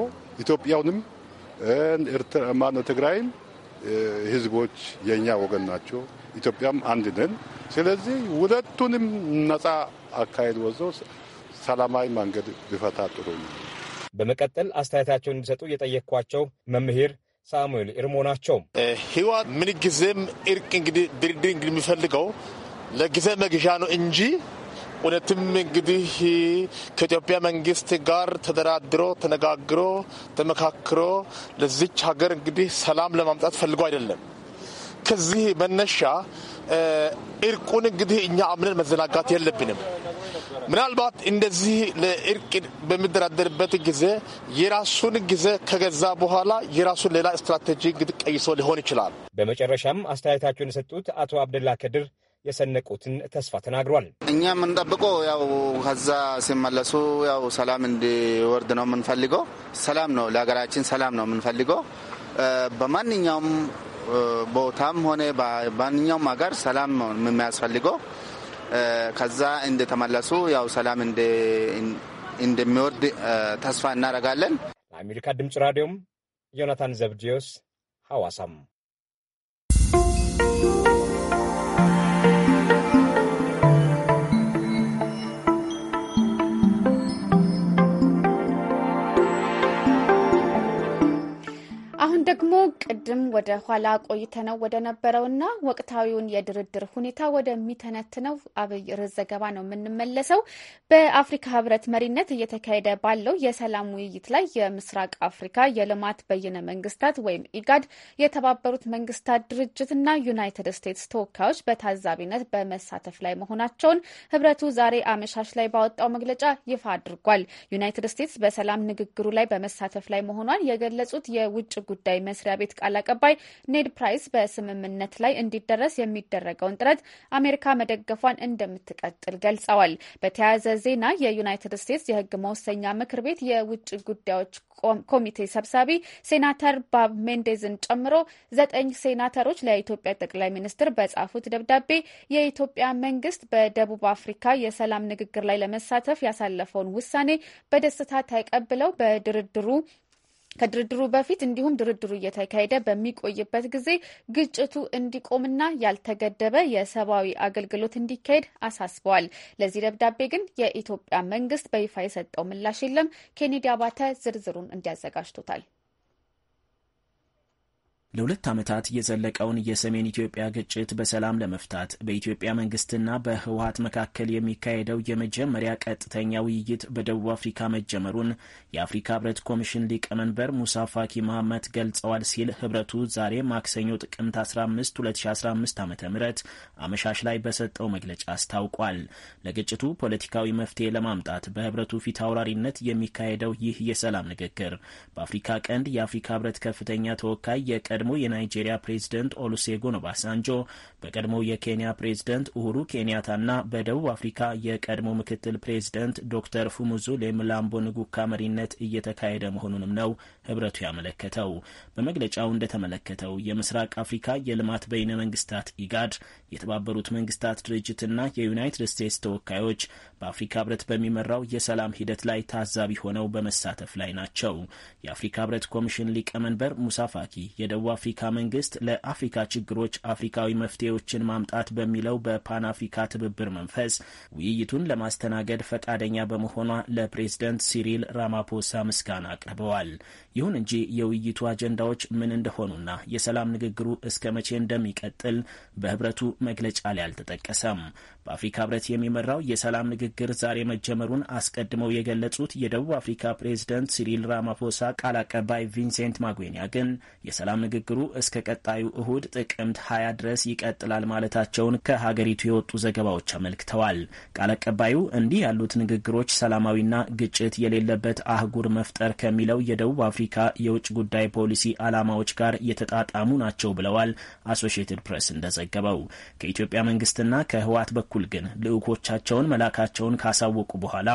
ኢትዮጵያውንም ኤርትራማነ ትግራይም ህዝቦች የእኛ ወገን ናቸው። ኢትዮጵያም አንድ ነን። ስለዚህ ሁለቱንም ነጻ አካሄድ ወዘው ሰላማዊ መንገድ ቢፈታ ጥሩ ነው። በመቀጠል አስተያየታቸውን እንዲሰጡ የጠየቅኳቸው መምህር ሳሙኤል እርሞ ናቸው። ህይወት ምን ጊዜም እርቅ እንግዲህ ድርድር እንግዲህ የሚፈልገው ለጊዜ መግዣ ነው እንጂ እውነትም እንግዲህ ከኢትዮጵያ መንግስት ጋር ተደራድሮ ተነጋግሮ ተመካክሮ ለዚች ሀገር እንግዲህ ሰላም ለማምጣት ፈልጎ አይደለም። ከዚህ መነሻ እርቁን እንግዲህ እኛ አምነን መዘናጋት የለብንም። ምናልባት እንደዚህ ለእርቅ በሚደራደርበት ጊዜ የራሱን ጊዜ ከገዛ በኋላ የራሱን ሌላ ስትራቴጂ እንግዲህ ቀይሶ ሊሆን ይችላል። በመጨረሻም አስተያየታቸውን የሰጡት አቶ አብደላ ከድር የሰነቁትን ተስፋ ተናግሯል። እኛ የምንጠብቀው ያው ከዛ ሲመለሱ ያው ሰላም እንዲወርድ ነው የምንፈልገው። ሰላም ነው ለሀገራችን ሰላም ነው የምንፈልገው። በማንኛውም ቦታም ሆነ በማንኛውም ሀገር ሰላም ነው የሚያስፈልገው። ከዛ እንደተመለሱ ያው ሰላም እንደሚወርድ ተስፋ እናደርጋለን። ለአሜሪካ ድምፅ ራዲዮም ዮናታን ዘብዲዮስ ሐዋሳም ደግሞ ቅድም ወደ ኋላ ቆይተነው ወደ ነበረውና ወቅታዊውን የድርድር ሁኔታ ወደሚተነትነው አብይ ርዕስ ዘገባ ነው የምንመለሰው። በአፍሪካ ሕብረት መሪነት እየተካሄደ ባለው የሰላም ውይይት ላይ የምስራቅ አፍሪካ የልማት በይነ መንግስታት ወይም ኢጋድ፣ የተባበሩት መንግስታት ድርጅትና ዩናይትድ ስቴትስ ተወካዮች በታዛቢነት በመሳተፍ ላይ መሆናቸውን ሕብረቱ ዛሬ አመሻሽ ላይ ባወጣው መግለጫ ይፋ አድርጓል። ዩናይትድ ስቴትስ በሰላም ንግግሩ ላይ በመሳተፍ ላይ መሆኗን የገለጹት የውጭ ጉዳይ ጉዳይ መስሪያ ቤት ቃል አቀባይ ኔድ ፕራይስ በስምምነት ላይ እንዲደረስ የሚደረገውን ጥረት አሜሪካ መደገፏን እንደምትቀጥል ገልጸዋል። በተያያዘ ዜና የዩናይትድ ስቴትስ የህግ መወሰኛ ምክር ቤት የውጭ ጉዳዮች ኮሚቴ ሰብሳቢ ሴናተር ባብ ሜንዴዝን ጨምሮ ዘጠኝ ሴናተሮች ለኢትዮጵያ ጠቅላይ ሚኒስትር በጻፉት ደብዳቤ የኢትዮጵያ መንግስት በደቡብ አፍሪካ የሰላም ንግግር ላይ ለመሳተፍ ያሳለፈውን ውሳኔ በደስታ ተቀብለው በድርድሩ ከድርድሩ በፊት እንዲሁም ድርድሩ እየተካሄደ በሚቆይበት ጊዜ ግጭቱ እንዲቆምና ያልተገደበ የሰብአዊ አገልግሎት እንዲካሄድ አሳስበዋል። ለዚህ ደብዳቤ ግን የኢትዮጵያ መንግስት በይፋ የሰጠው ምላሽ የለም። ኬኔዲ አባተ ዝርዝሩን እንዲያዘጋጅቶታል። ለሁለት ዓመታት የዘለቀውን የሰሜን ኢትዮጵያ ግጭት በሰላም ለመፍታት በኢትዮጵያ መንግስትና በህወሀት መካከል የሚካሄደው የመጀመሪያ ቀጥተኛ ውይይት በደቡብ አፍሪካ መጀመሩን የአፍሪካ ህብረት ኮሚሽን ሊቀመንበር ሙሳ ፋኪ መሐመድ ገልጸዋል ሲል ህብረቱ ዛሬ ማክሰኞ ጥቅምት 15 2015 ዓ ም አመሻሽ ላይ በሰጠው መግለጫ አስታውቋል። ለግጭቱ ፖለቲካዊ መፍትሄ ለማምጣት በህብረቱ ፊት አውራሪነት የሚካሄደው ይህ የሰላም ንግግር በአፍሪካ ቀንድ የአፍሪካ ህብረት ከፍተኛ ተወካይ የቀድ የቀድሞ የናይጄሪያ ፕሬዚደንት ኦሉሴጉን ኦባሳንጆ በቀድሞ የኬንያ ፕሬዝደንት ኡሁሩ ኬንያታና በደቡብ አፍሪካ የቀድሞ ምክትል ፕሬዚደንት ዶክተር ፉሙዙሌ ምላምቦ ንጉካ መሪነት እየተካሄደ መሆኑንም ነው ህብረቱ ያመለከተው። በመግለጫው እንደተመለከተው የምስራቅ አፍሪካ የልማት በይነ መንግስታት ኢጋድ፣ የተባበሩት መንግስታት ድርጅትና የዩናይትድ ስቴትስ ተወካዮች በአፍሪካ ህብረት በሚመራው የሰላም ሂደት ላይ ታዛቢ ሆነው በመሳተፍ ላይ ናቸው። የአፍሪካ ህብረት ኮሚሽን ሊቀመንበር ሙሳ ፋኪ የደቡብ አፍሪካ መንግስት ለአፍሪካ ችግሮች አፍሪካዊ መፍትሄዎችን ማምጣት በሚለው በፓን አፍሪካ ትብብር መንፈስ ውይይቱን ለማስተናገድ ፈቃደኛ በመሆኗ ለፕሬዝደንት ሲሪል ራማፖሳ ምስጋና አቅርበዋል። ይሁን እንጂ የውይይቱ አጀንዳዎች ምን እንደሆኑና የሰላም ንግግሩ እስከ መቼ እንደሚቀጥል በህብረቱ መግለጫ ላይ አልተጠቀሰም። በአፍሪካ ህብረት የሚመራው የሰላም ንግግር ዛሬ መጀመሩን አስቀድመው የገለጹት የደቡብ አፍሪካ ፕሬዝደንት ሲሪል ራማፎሳ ቃል አቀባይ ቪንሴንት ማጉኒያ ግን የሰላም ንግግሩ እስከ ቀጣዩ እሁድ ጥቅምት 20 ድረስ ይቀጥላል ማለታቸውን ከሀገሪቱ የወጡ ዘገባዎች አመልክተዋል። ቃል አቀባዩ እንዲህ ያሉት ንግግሮች ሰላማዊና ግጭት የሌለበት አህጉር መፍጠር ከሚለው የደቡብ አፍሪ የአፍሪካ የውጭ ጉዳይ ፖሊሲ ዓላማዎች ጋር የተጣጣሙ ናቸው ብለዋል። አሶሺየትድ ፕሬስ እንደዘገበው ከኢትዮጵያ መንግስትና ከህወሓት በኩል ግን ልዑኮቻቸውን መላካቸውን ካሳወቁ በኋላ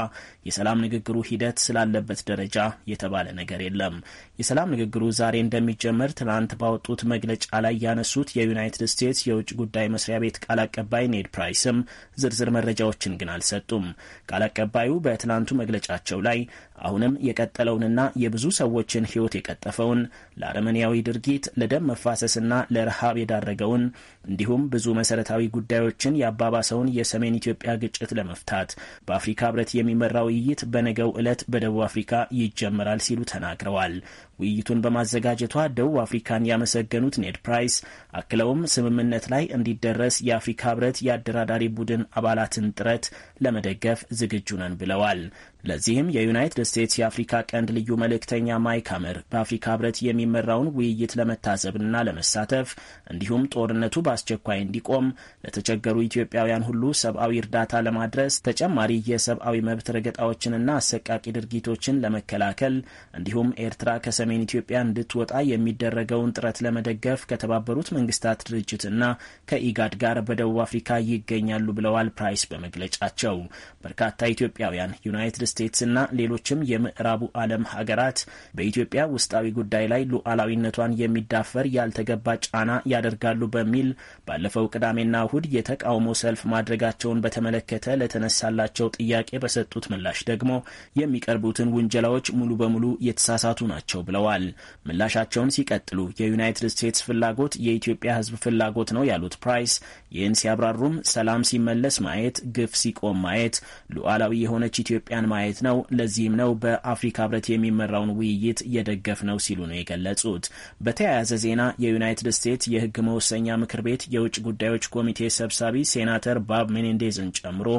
የሰላም ንግግሩ ሂደት ስላለበት ደረጃ የተባለ ነገር የለም። የሰላም ንግግሩ ዛሬ እንደሚጀመር ትናንት ባወጡት መግለጫ ላይ ያነሱት የዩናይትድ ስቴትስ የውጭ ጉዳይ መስሪያ ቤት ቃል አቀባይ ኔድ ፕራይስም ዝርዝር መረጃዎችን ግን አልሰጡም። ቃል አቀባዩ በትናንቱ መግለጫቸው ላይ አሁንም የቀጠለውንና የብዙ ሰዎችን ሕይወት የቀጠፈውን ለአረመኔያዊ ድርጊት ለደም መፋሰስና ለረሃብ የዳረገውን እንዲሁም ብዙ መሰረታዊ ጉዳዮችን የአባባሰውን የሰሜን ኢትዮጵያ ግጭት ለመፍታት በአፍሪካ ህብረት የሚመራ ውይይት በነገው ዕለት በደቡብ አፍሪካ ይጀመራል ሲሉ ተናግረዋል። ውይይቱን በማዘጋጀቷ ደቡብ አፍሪካን ያመሰገኑት ኔድ ፕራይስ አክለውም ስምምነት ላይ እንዲደረስ የአፍሪካ ህብረት የአደራዳሪ ቡድን አባላትን ጥረት ለመደገፍ ዝግጁ ነን ብለዋል። ለዚህም የዩናይትድ ስቴትስ የአፍሪካ ቀንድ ልዩ መልእክተኛ ማይክ ሀመር በአፍሪካ ህብረት የሚ የሚመራውን ውይይት ለመታዘብና ለመሳተፍ እንዲሁም ጦርነቱ በአስቸኳይ እንዲቆም ለተቸገሩ ኢትዮጵያውያን ሁሉ ሰብአዊ እርዳታ ለማድረስ ተጨማሪ የሰብአዊ መብት ረገጣዎችንና አሰቃቂ ድርጊቶችን ለመከላከል እንዲሁም ኤርትራ ከሰሜን ኢትዮጵያ እንድትወጣ የሚደረገውን ጥረት ለመደገፍ ከተባበሩት መንግስታት ድርጅትና ከኢጋድ ጋር በደቡብ አፍሪካ ይገኛሉ ብለዋል ፕራይስ በመግለጫቸው። በርካታ ኢትዮጵያውያን ዩናይትድ ስቴትስና ሌሎችም የምዕራቡ ዓለም ሀገራት በኢትዮጵያ ውስጣዊ ጉዳይ ላይ ሉዓላዊነቷን የሚዳፈር ያልተገባ ጫና ያደርጋሉ በሚል ባለፈው ቅዳሜና እሁድ የተቃውሞ ሰልፍ ማድረጋቸውን በተመለከተ ለተነሳላቸው ጥያቄ በሰጡት ምላሽ ደግሞ የሚቀርቡትን ውንጀላዎች ሙሉ በሙሉ የተሳሳቱ ናቸው ብለዋል። ምላሻቸውን ሲቀጥሉ የዩናይትድ ስቴትስ ፍላጎት የኢትዮጵያ ሕዝብ ፍላጎት ነው ያሉት ፕራይስ ይህን ሲያብራሩም ሰላም ሲመለስ ማየት፣ ግፍ ሲቆም ማየት፣ ሉዓላዊ የሆነች ኢትዮጵያን ማየት ነው። ለዚህም ነው በአፍሪካ ህብረት የሚመራውን ውይይት የደገፍ ነው ሲሉ ነው የገለ የገለጹት። በተያያዘ ዜና የዩናይትድ ስቴትስ የህግ መወሰኛ ምክር ቤት የውጭ ጉዳዮች ኮሚቴ ሰብሳቢ ሴናተር ባብ ሜኔንዴዝን ጨምሮ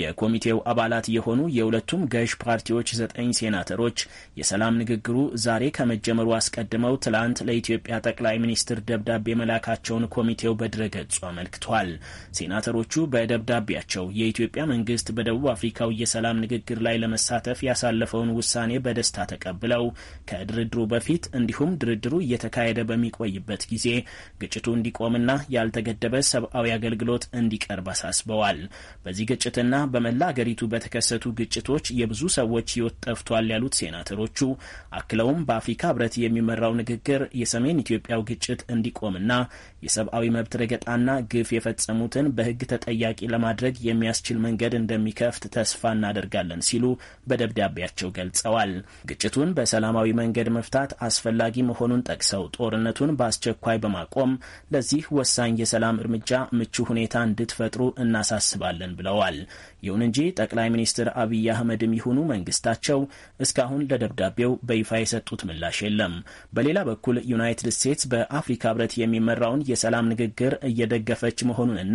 የኮሚቴው አባላት የሆኑ የሁለቱም ገዥ ፓርቲዎች ዘጠኝ ሴናተሮች የሰላም ንግግሩ ዛሬ ከመጀመሩ አስቀድመው ትላንት ለኢትዮጵያ ጠቅላይ ሚኒስትር ደብዳቤ መላካቸውን ኮሚቴው በድረገጹ አመልክቷል። ሴናተሮቹ በደብዳቤያቸው የኢትዮጵያ መንግስት በደቡብ አፍሪካው የሰላም ንግግር ላይ ለመሳተፍ ያሳለፈውን ውሳኔ በደስታ ተቀብለው ከድርድሩ በፊት እንዲሁም አክለውም ድርድሩ እየተካሄደ በሚቆይበት ጊዜ ግጭቱ እንዲቆምና ያልተገደበ ሰብአዊ አገልግሎት እንዲቀርብ አሳስበዋል። በዚህ ግጭትና በመላ አገሪቱ በተከሰቱ ግጭቶች የብዙ ሰዎች ህይወት ጠፍቷል ያሉት ሴናተሮቹ አክለውም በአፍሪካ ህብረት የሚመራው ንግግር የሰሜን ኢትዮጵያው ግጭት እንዲቆምና የሰብአዊ መብት ረገጣና ግፍ የፈጸሙትን በህግ ተጠያቂ ለማድረግ የሚያስችል መንገድ እንደሚከፍት ተስፋ እናደርጋለን ሲሉ በደብዳቤያቸው ገልጸዋል። ግጭቱን በሰላማዊ መንገድ መፍታት አስፈላጊ አስፈላጊ መሆኑን ጠቅሰው ጦርነቱን በአስቸኳይ በማቆም ለዚህ ወሳኝ የሰላም እርምጃ ምቹ ሁኔታ እንድትፈጥሩ እናሳስባለን ብለዋል። ይሁን እንጂ ጠቅላይ ሚኒስትር አብይ አህመድም ይሁኑ መንግስታቸው እስካሁን ለደብዳቤው በይፋ የሰጡት ምላሽ የለም። በሌላ በኩል ዩናይትድ ስቴትስ በአፍሪካ ህብረት የሚመራውን የሰላም ንግግር እየደገፈች መሆኑንና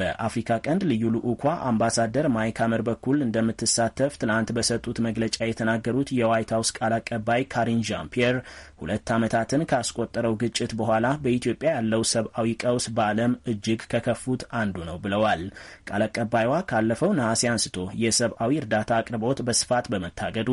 በአፍሪካ ቀንድ ልዩ ልዑኳ አምባሳደር ማይክ ሀመር በኩል እንደምትሳተፍ ትናንት በሰጡት መግለጫ የተናገሩት የዋይት ሀውስ ቃል አቀባይ ካሪን ዣምፒየር ሁለ ሁለት ዓመታትን ካስቆጠረው ግጭት በኋላ በኢትዮጵያ ያለው ሰብአዊ ቀውስ በዓለም እጅግ ከከፉት አንዱ ነው ብለዋል። ቃል አቀባይዋ ካለፈው ነሐሴ አንስቶ የሰብአዊ እርዳታ አቅርቦት በስፋት በመታገዱ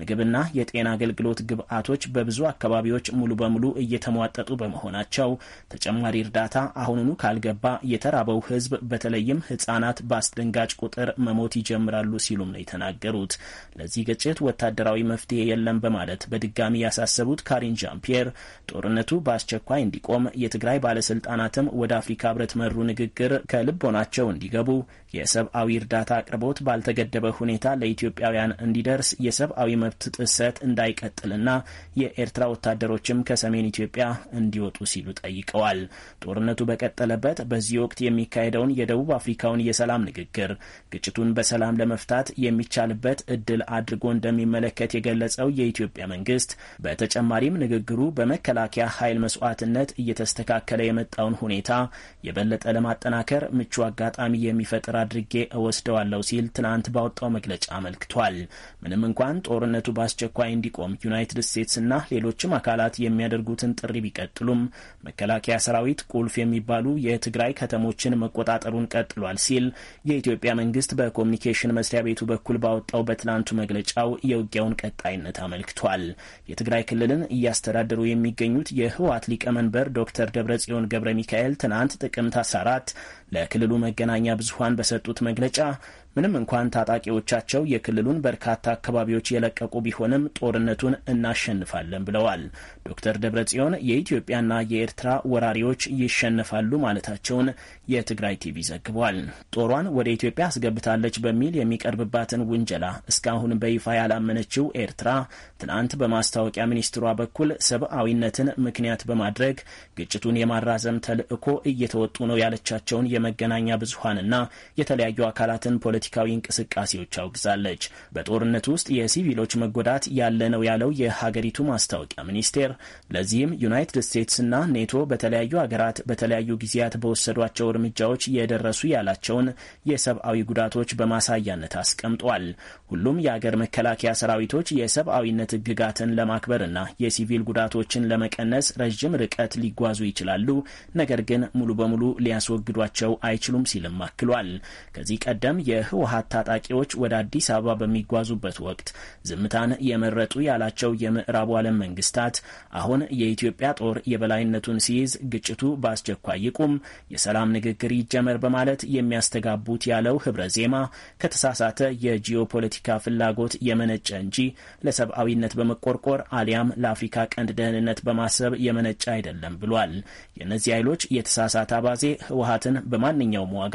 ምግብና የጤና አገልግሎት ግብዓቶች በብዙ አካባቢዎች ሙሉ በሙሉ እየተሟጠጡ በመሆናቸው ተጨማሪ እርዳታ አሁኑኑ ካልገባ የተራበው ሕዝብ በተለይም ሕጻናት በአስደንጋጭ ቁጥር መሞት ይጀምራሉ ሲሉም ነው የተናገሩት። ለዚህ ግጭት ወታደራዊ መፍትሄ የለም በማለት በድጋሚ ያሳሰቡት ካሪን ዣን ፒየር ጦርነቱ በአስቸኳይ እንዲቆም የትግራይ ባለስልጣናትም ወደ አፍሪካ ህብረት መሩ ንግግር ከልቦናቸው እንዲገቡ የሰብአዊ እርዳታ አቅርቦት ባልተገደበ ሁኔታ ለኢትዮጵያውያን እንዲደርስ የሰብአዊ መብት ጥሰት እንዳይቀጥልና የኤርትራ ወታደሮችም ከሰሜን ኢትዮጵያ እንዲወጡ ሲሉ ጠይቀዋል። ጦርነቱ በቀጠለበት በዚህ ወቅት የሚካሄደውን የደቡብ አፍሪካውን የሰላም ንግግር ግጭቱን በሰላም ለመፍታት የሚቻልበት እድል አድርጎ እንደሚመለከት የገለጸው የኢትዮጵያ መንግስት በተጨማሪም ንግግ ንግግሩ በመከላከያ ኃይል መስዋዕትነት እየተስተካከለ የመጣውን ሁኔታ የበለጠ ለማጠናከር ምቹ አጋጣሚ የሚፈጥር አድርጌ እወስደዋለሁ ሲል ትናንት ባወጣው መግለጫ አመልክቷል። ምንም እንኳን ጦርነቱ በአስቸኳይ እንዲቆም ዩናይትድ እና ሌሎችም አካላት የሚያደርጉትን ጥሪ ቢቀጥሉም መከላከያ ሰራዊት ቁልፍ የሚባሉ የትግራይ ከተሞችን መቆጣጠሩን ቀጥሏል ሲል የኢትዮጵያ መንግስት በኮሚኒኬሽን መስሪያ ቤቱ በኩል ባወጣው በትናንቱ መግለጫው የውጊያውን ቀጣይነት አመልክቷል። የትግራይ ክልልን እያስ እያስተዳደሩ የሚገኙት የህወሓት ሊቀመንበር ዶክተር ደብረጽዮን ገብረ ሚካኤል ትናንት ጥቅምት 14 ለክልሉ መገናኛ ብዙሀን በሰጡት መግለጫ ምንም እንኳን ታጣቂዎቻቸው የክልሉን በርካታ አካባቢዎች የለቀቁ ቢሆንም ጦርነቱን እናሸንፋለን ብለዋል። ዶክተር ደብረጽዮን የኢትዮጵያና የኤርትራ ወራሪዎች ይሸነፋሉ ማለታቸውን የትግራይ ቲቪ ዘግቧል። ጦሯን ወደ ኢትዮጵያ አስገብታለች በሚል የሚቀርብባትን ውንጀላ እስካሁን በይፋ ያላመነችው ኤርትራ ትናንት በማስታወቂያ ሚኒስትሯ በኩል ሰብአዊነትን ምክንያት በማድረግ ግጭቱን የማራዘም ተልዕኮ እየተወጡ ነው ያለቻቸውን የመገናኛ ብዙሀንና የተለያዩ አካላትን ፖለቲ ፖለቲካዊ እንቅስቃሴዎች አውግዛለች። በጦርነት ውስጥ የሲቪሎች መጎዳት ያለ ነው ያለው የሀገሪቱ ማስታወቂያ ሚኒስቴር፣ ለዚህም ዩናይትድ ስቴትስና ኔቶ በተለያዩ ሀገራት በተለያዩ ጊዜያት በወሰዷቸው እርምጃዎች የደረሱ ያላቸውን የሰብአዊ ጉዳቶች በማሳያነት አስቀምጧል። ሁሉም የአገር መከላከያ ሰራዊቶች የሰብአዊነት ሕግጋትን ለማክበርና የሲቪል ጉዳቶችን ለመቀነስ ረዥም ርቀት ሊጓዙ ይችላሉ፣ ነገር ግን ሙሉ በሙሉ ሊያስወግዷቸው አይችሉም ሲልም አክሏል። ከዚህ ቀደም የህ የህወሀት ታጣቂዎች ወደ አዲስ አበባ በሚጓዙበት ወቅት ዝምታን የመረጡ ያላቸው የምዕራቡ ዓለም መንግስታት አሁን የኢትዮጵያ ጦር የበላይነቱን ሲይዝ ግጭቱ በአስቸኳይ ይቁም፣ የሰላም ንግግር ይጀመር በማለት የሚያስተጋቡት ያለው ህብረ ዜማ ከተሳሳተ የጂኦፖለቲካ ፍላጎት የመነጨ እንጂ ለሰብአዊነት በመቆርቆር አሊያም ለአፍሪካ ቀንድ ደህንነት በማሰብ የመነጨ አይደለም ብሏል። የእነዚህ ኃይሎች የተሳሳተ አባዜ ህወሀትን በማንኛውም ዋጋ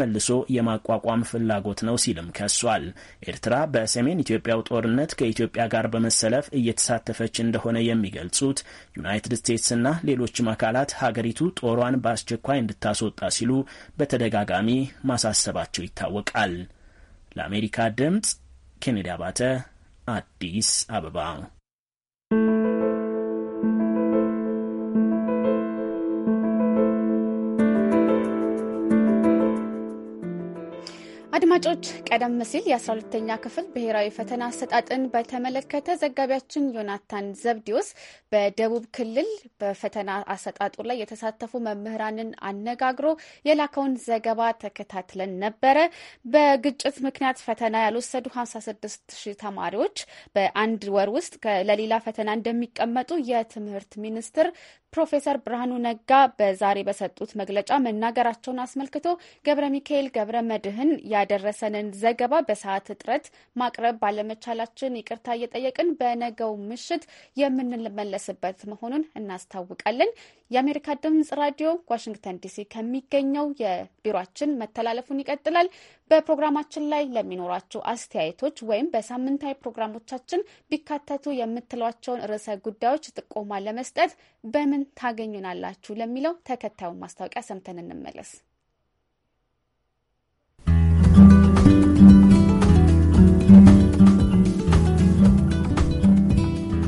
መልሶ የማቋቋም ፍላ ፍላጎት ነው ሲልም ከሷል። ኤርትራ በሰሜን ኢትዮጵያው ጦርነት ከኢትዮጵያ ጋር በመሰለፍ እየተሳተፈች እንደሆነ የሚገልጹት ዩናይትድ ስቴትስና ሌሎችም አካላት ሀገሪቱ ጦሯን በአስቸኳይ እንድታስወጣ ሲሉ በተደጋጋሚ ማሳሰባቸው ይታወቃል። ለአሜሪካ ድምፅ ኬኔዲ አባተ አዲስ አበባ አድማጮች ቀደም ሲል የ12ተኛ ክፍል ብሔራዊ ፈተና አሰጣጥን በተመለከተ ዘጋቢያችን ዮናታን ዘብዲዮስ በደቡብ ክልል በፈተና አሰጣጡ ላይ የተሳተፉ መምህራንን አነጋግሮ የላከውን ዘገባ ተከታትለን ነበረ። በግጭት ምክንያት ፈተና ያልወሰዱ 56 ሺህ ተማሪዎች በአንድ ወር ውስጥ ለሌላ ፈተና እንደሚቀመጡ የትምህርት ሚኒስቴር ፕሮፌሰር ብርሃኑ ነጋ በዛሬ በሰጡት መግለጫ መናገራቸውን አስመልክቶ ገብረ ሚካኤል ገብረ መድህን ያደረሰንን ዘገባ በሰዓት እጥረት ማቅረብ ባለመቻላችን ይቅርታ እየጠየቅን በነገው ምሽት የምንመለስበት መሆኑን እናስታውቃለን። የአሜሪካ ድምጽ ራዲዮ ዋሽንግተን ዲሲ ከሚገኘው የቢሮችን መተላለፉን ይቀጥላል። በፕሮግራማችን ላይ ለሚኖራቸው አስተያየቶች ወይም በሳምንታዊ ፕሮግራሞቻችን ቢካተቱ የምትሏቸውን ርዕሰ ጉዳዮች ጥቆማ ለመስጠት በምን ታገኙናላችሁ ለሚለው ተከታዩን ማስታወቂያ ሰምተን እንመለስ።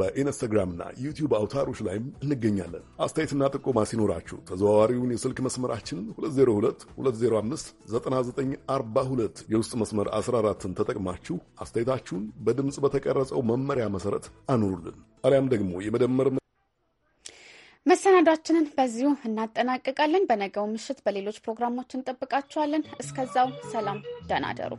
በኢንስታግራምና ዩቲዩብ አውታሮች ላይም እንገኛለን። አስተያየትና ጥቆማ ሲኖራችሁ ተዘዋዋሪውን የስልክ መስመራችን 2022059942 የውስጥ መስመር 14ን ተጠቅማችሁ አስተያየታችሁን በድምፅ በተቀረጸው መመሪያ መሰረት አኑሩልን። አሊያም ደግሞ የመደመር መሰናዷችንን በዚሁ እናጠናቅቃለን። በነገው ምሽት በሌሎች ፕሮግራሞች እንጠብቃችኋለን። እስከዛው ሰላም፣ ደህና ደሩ።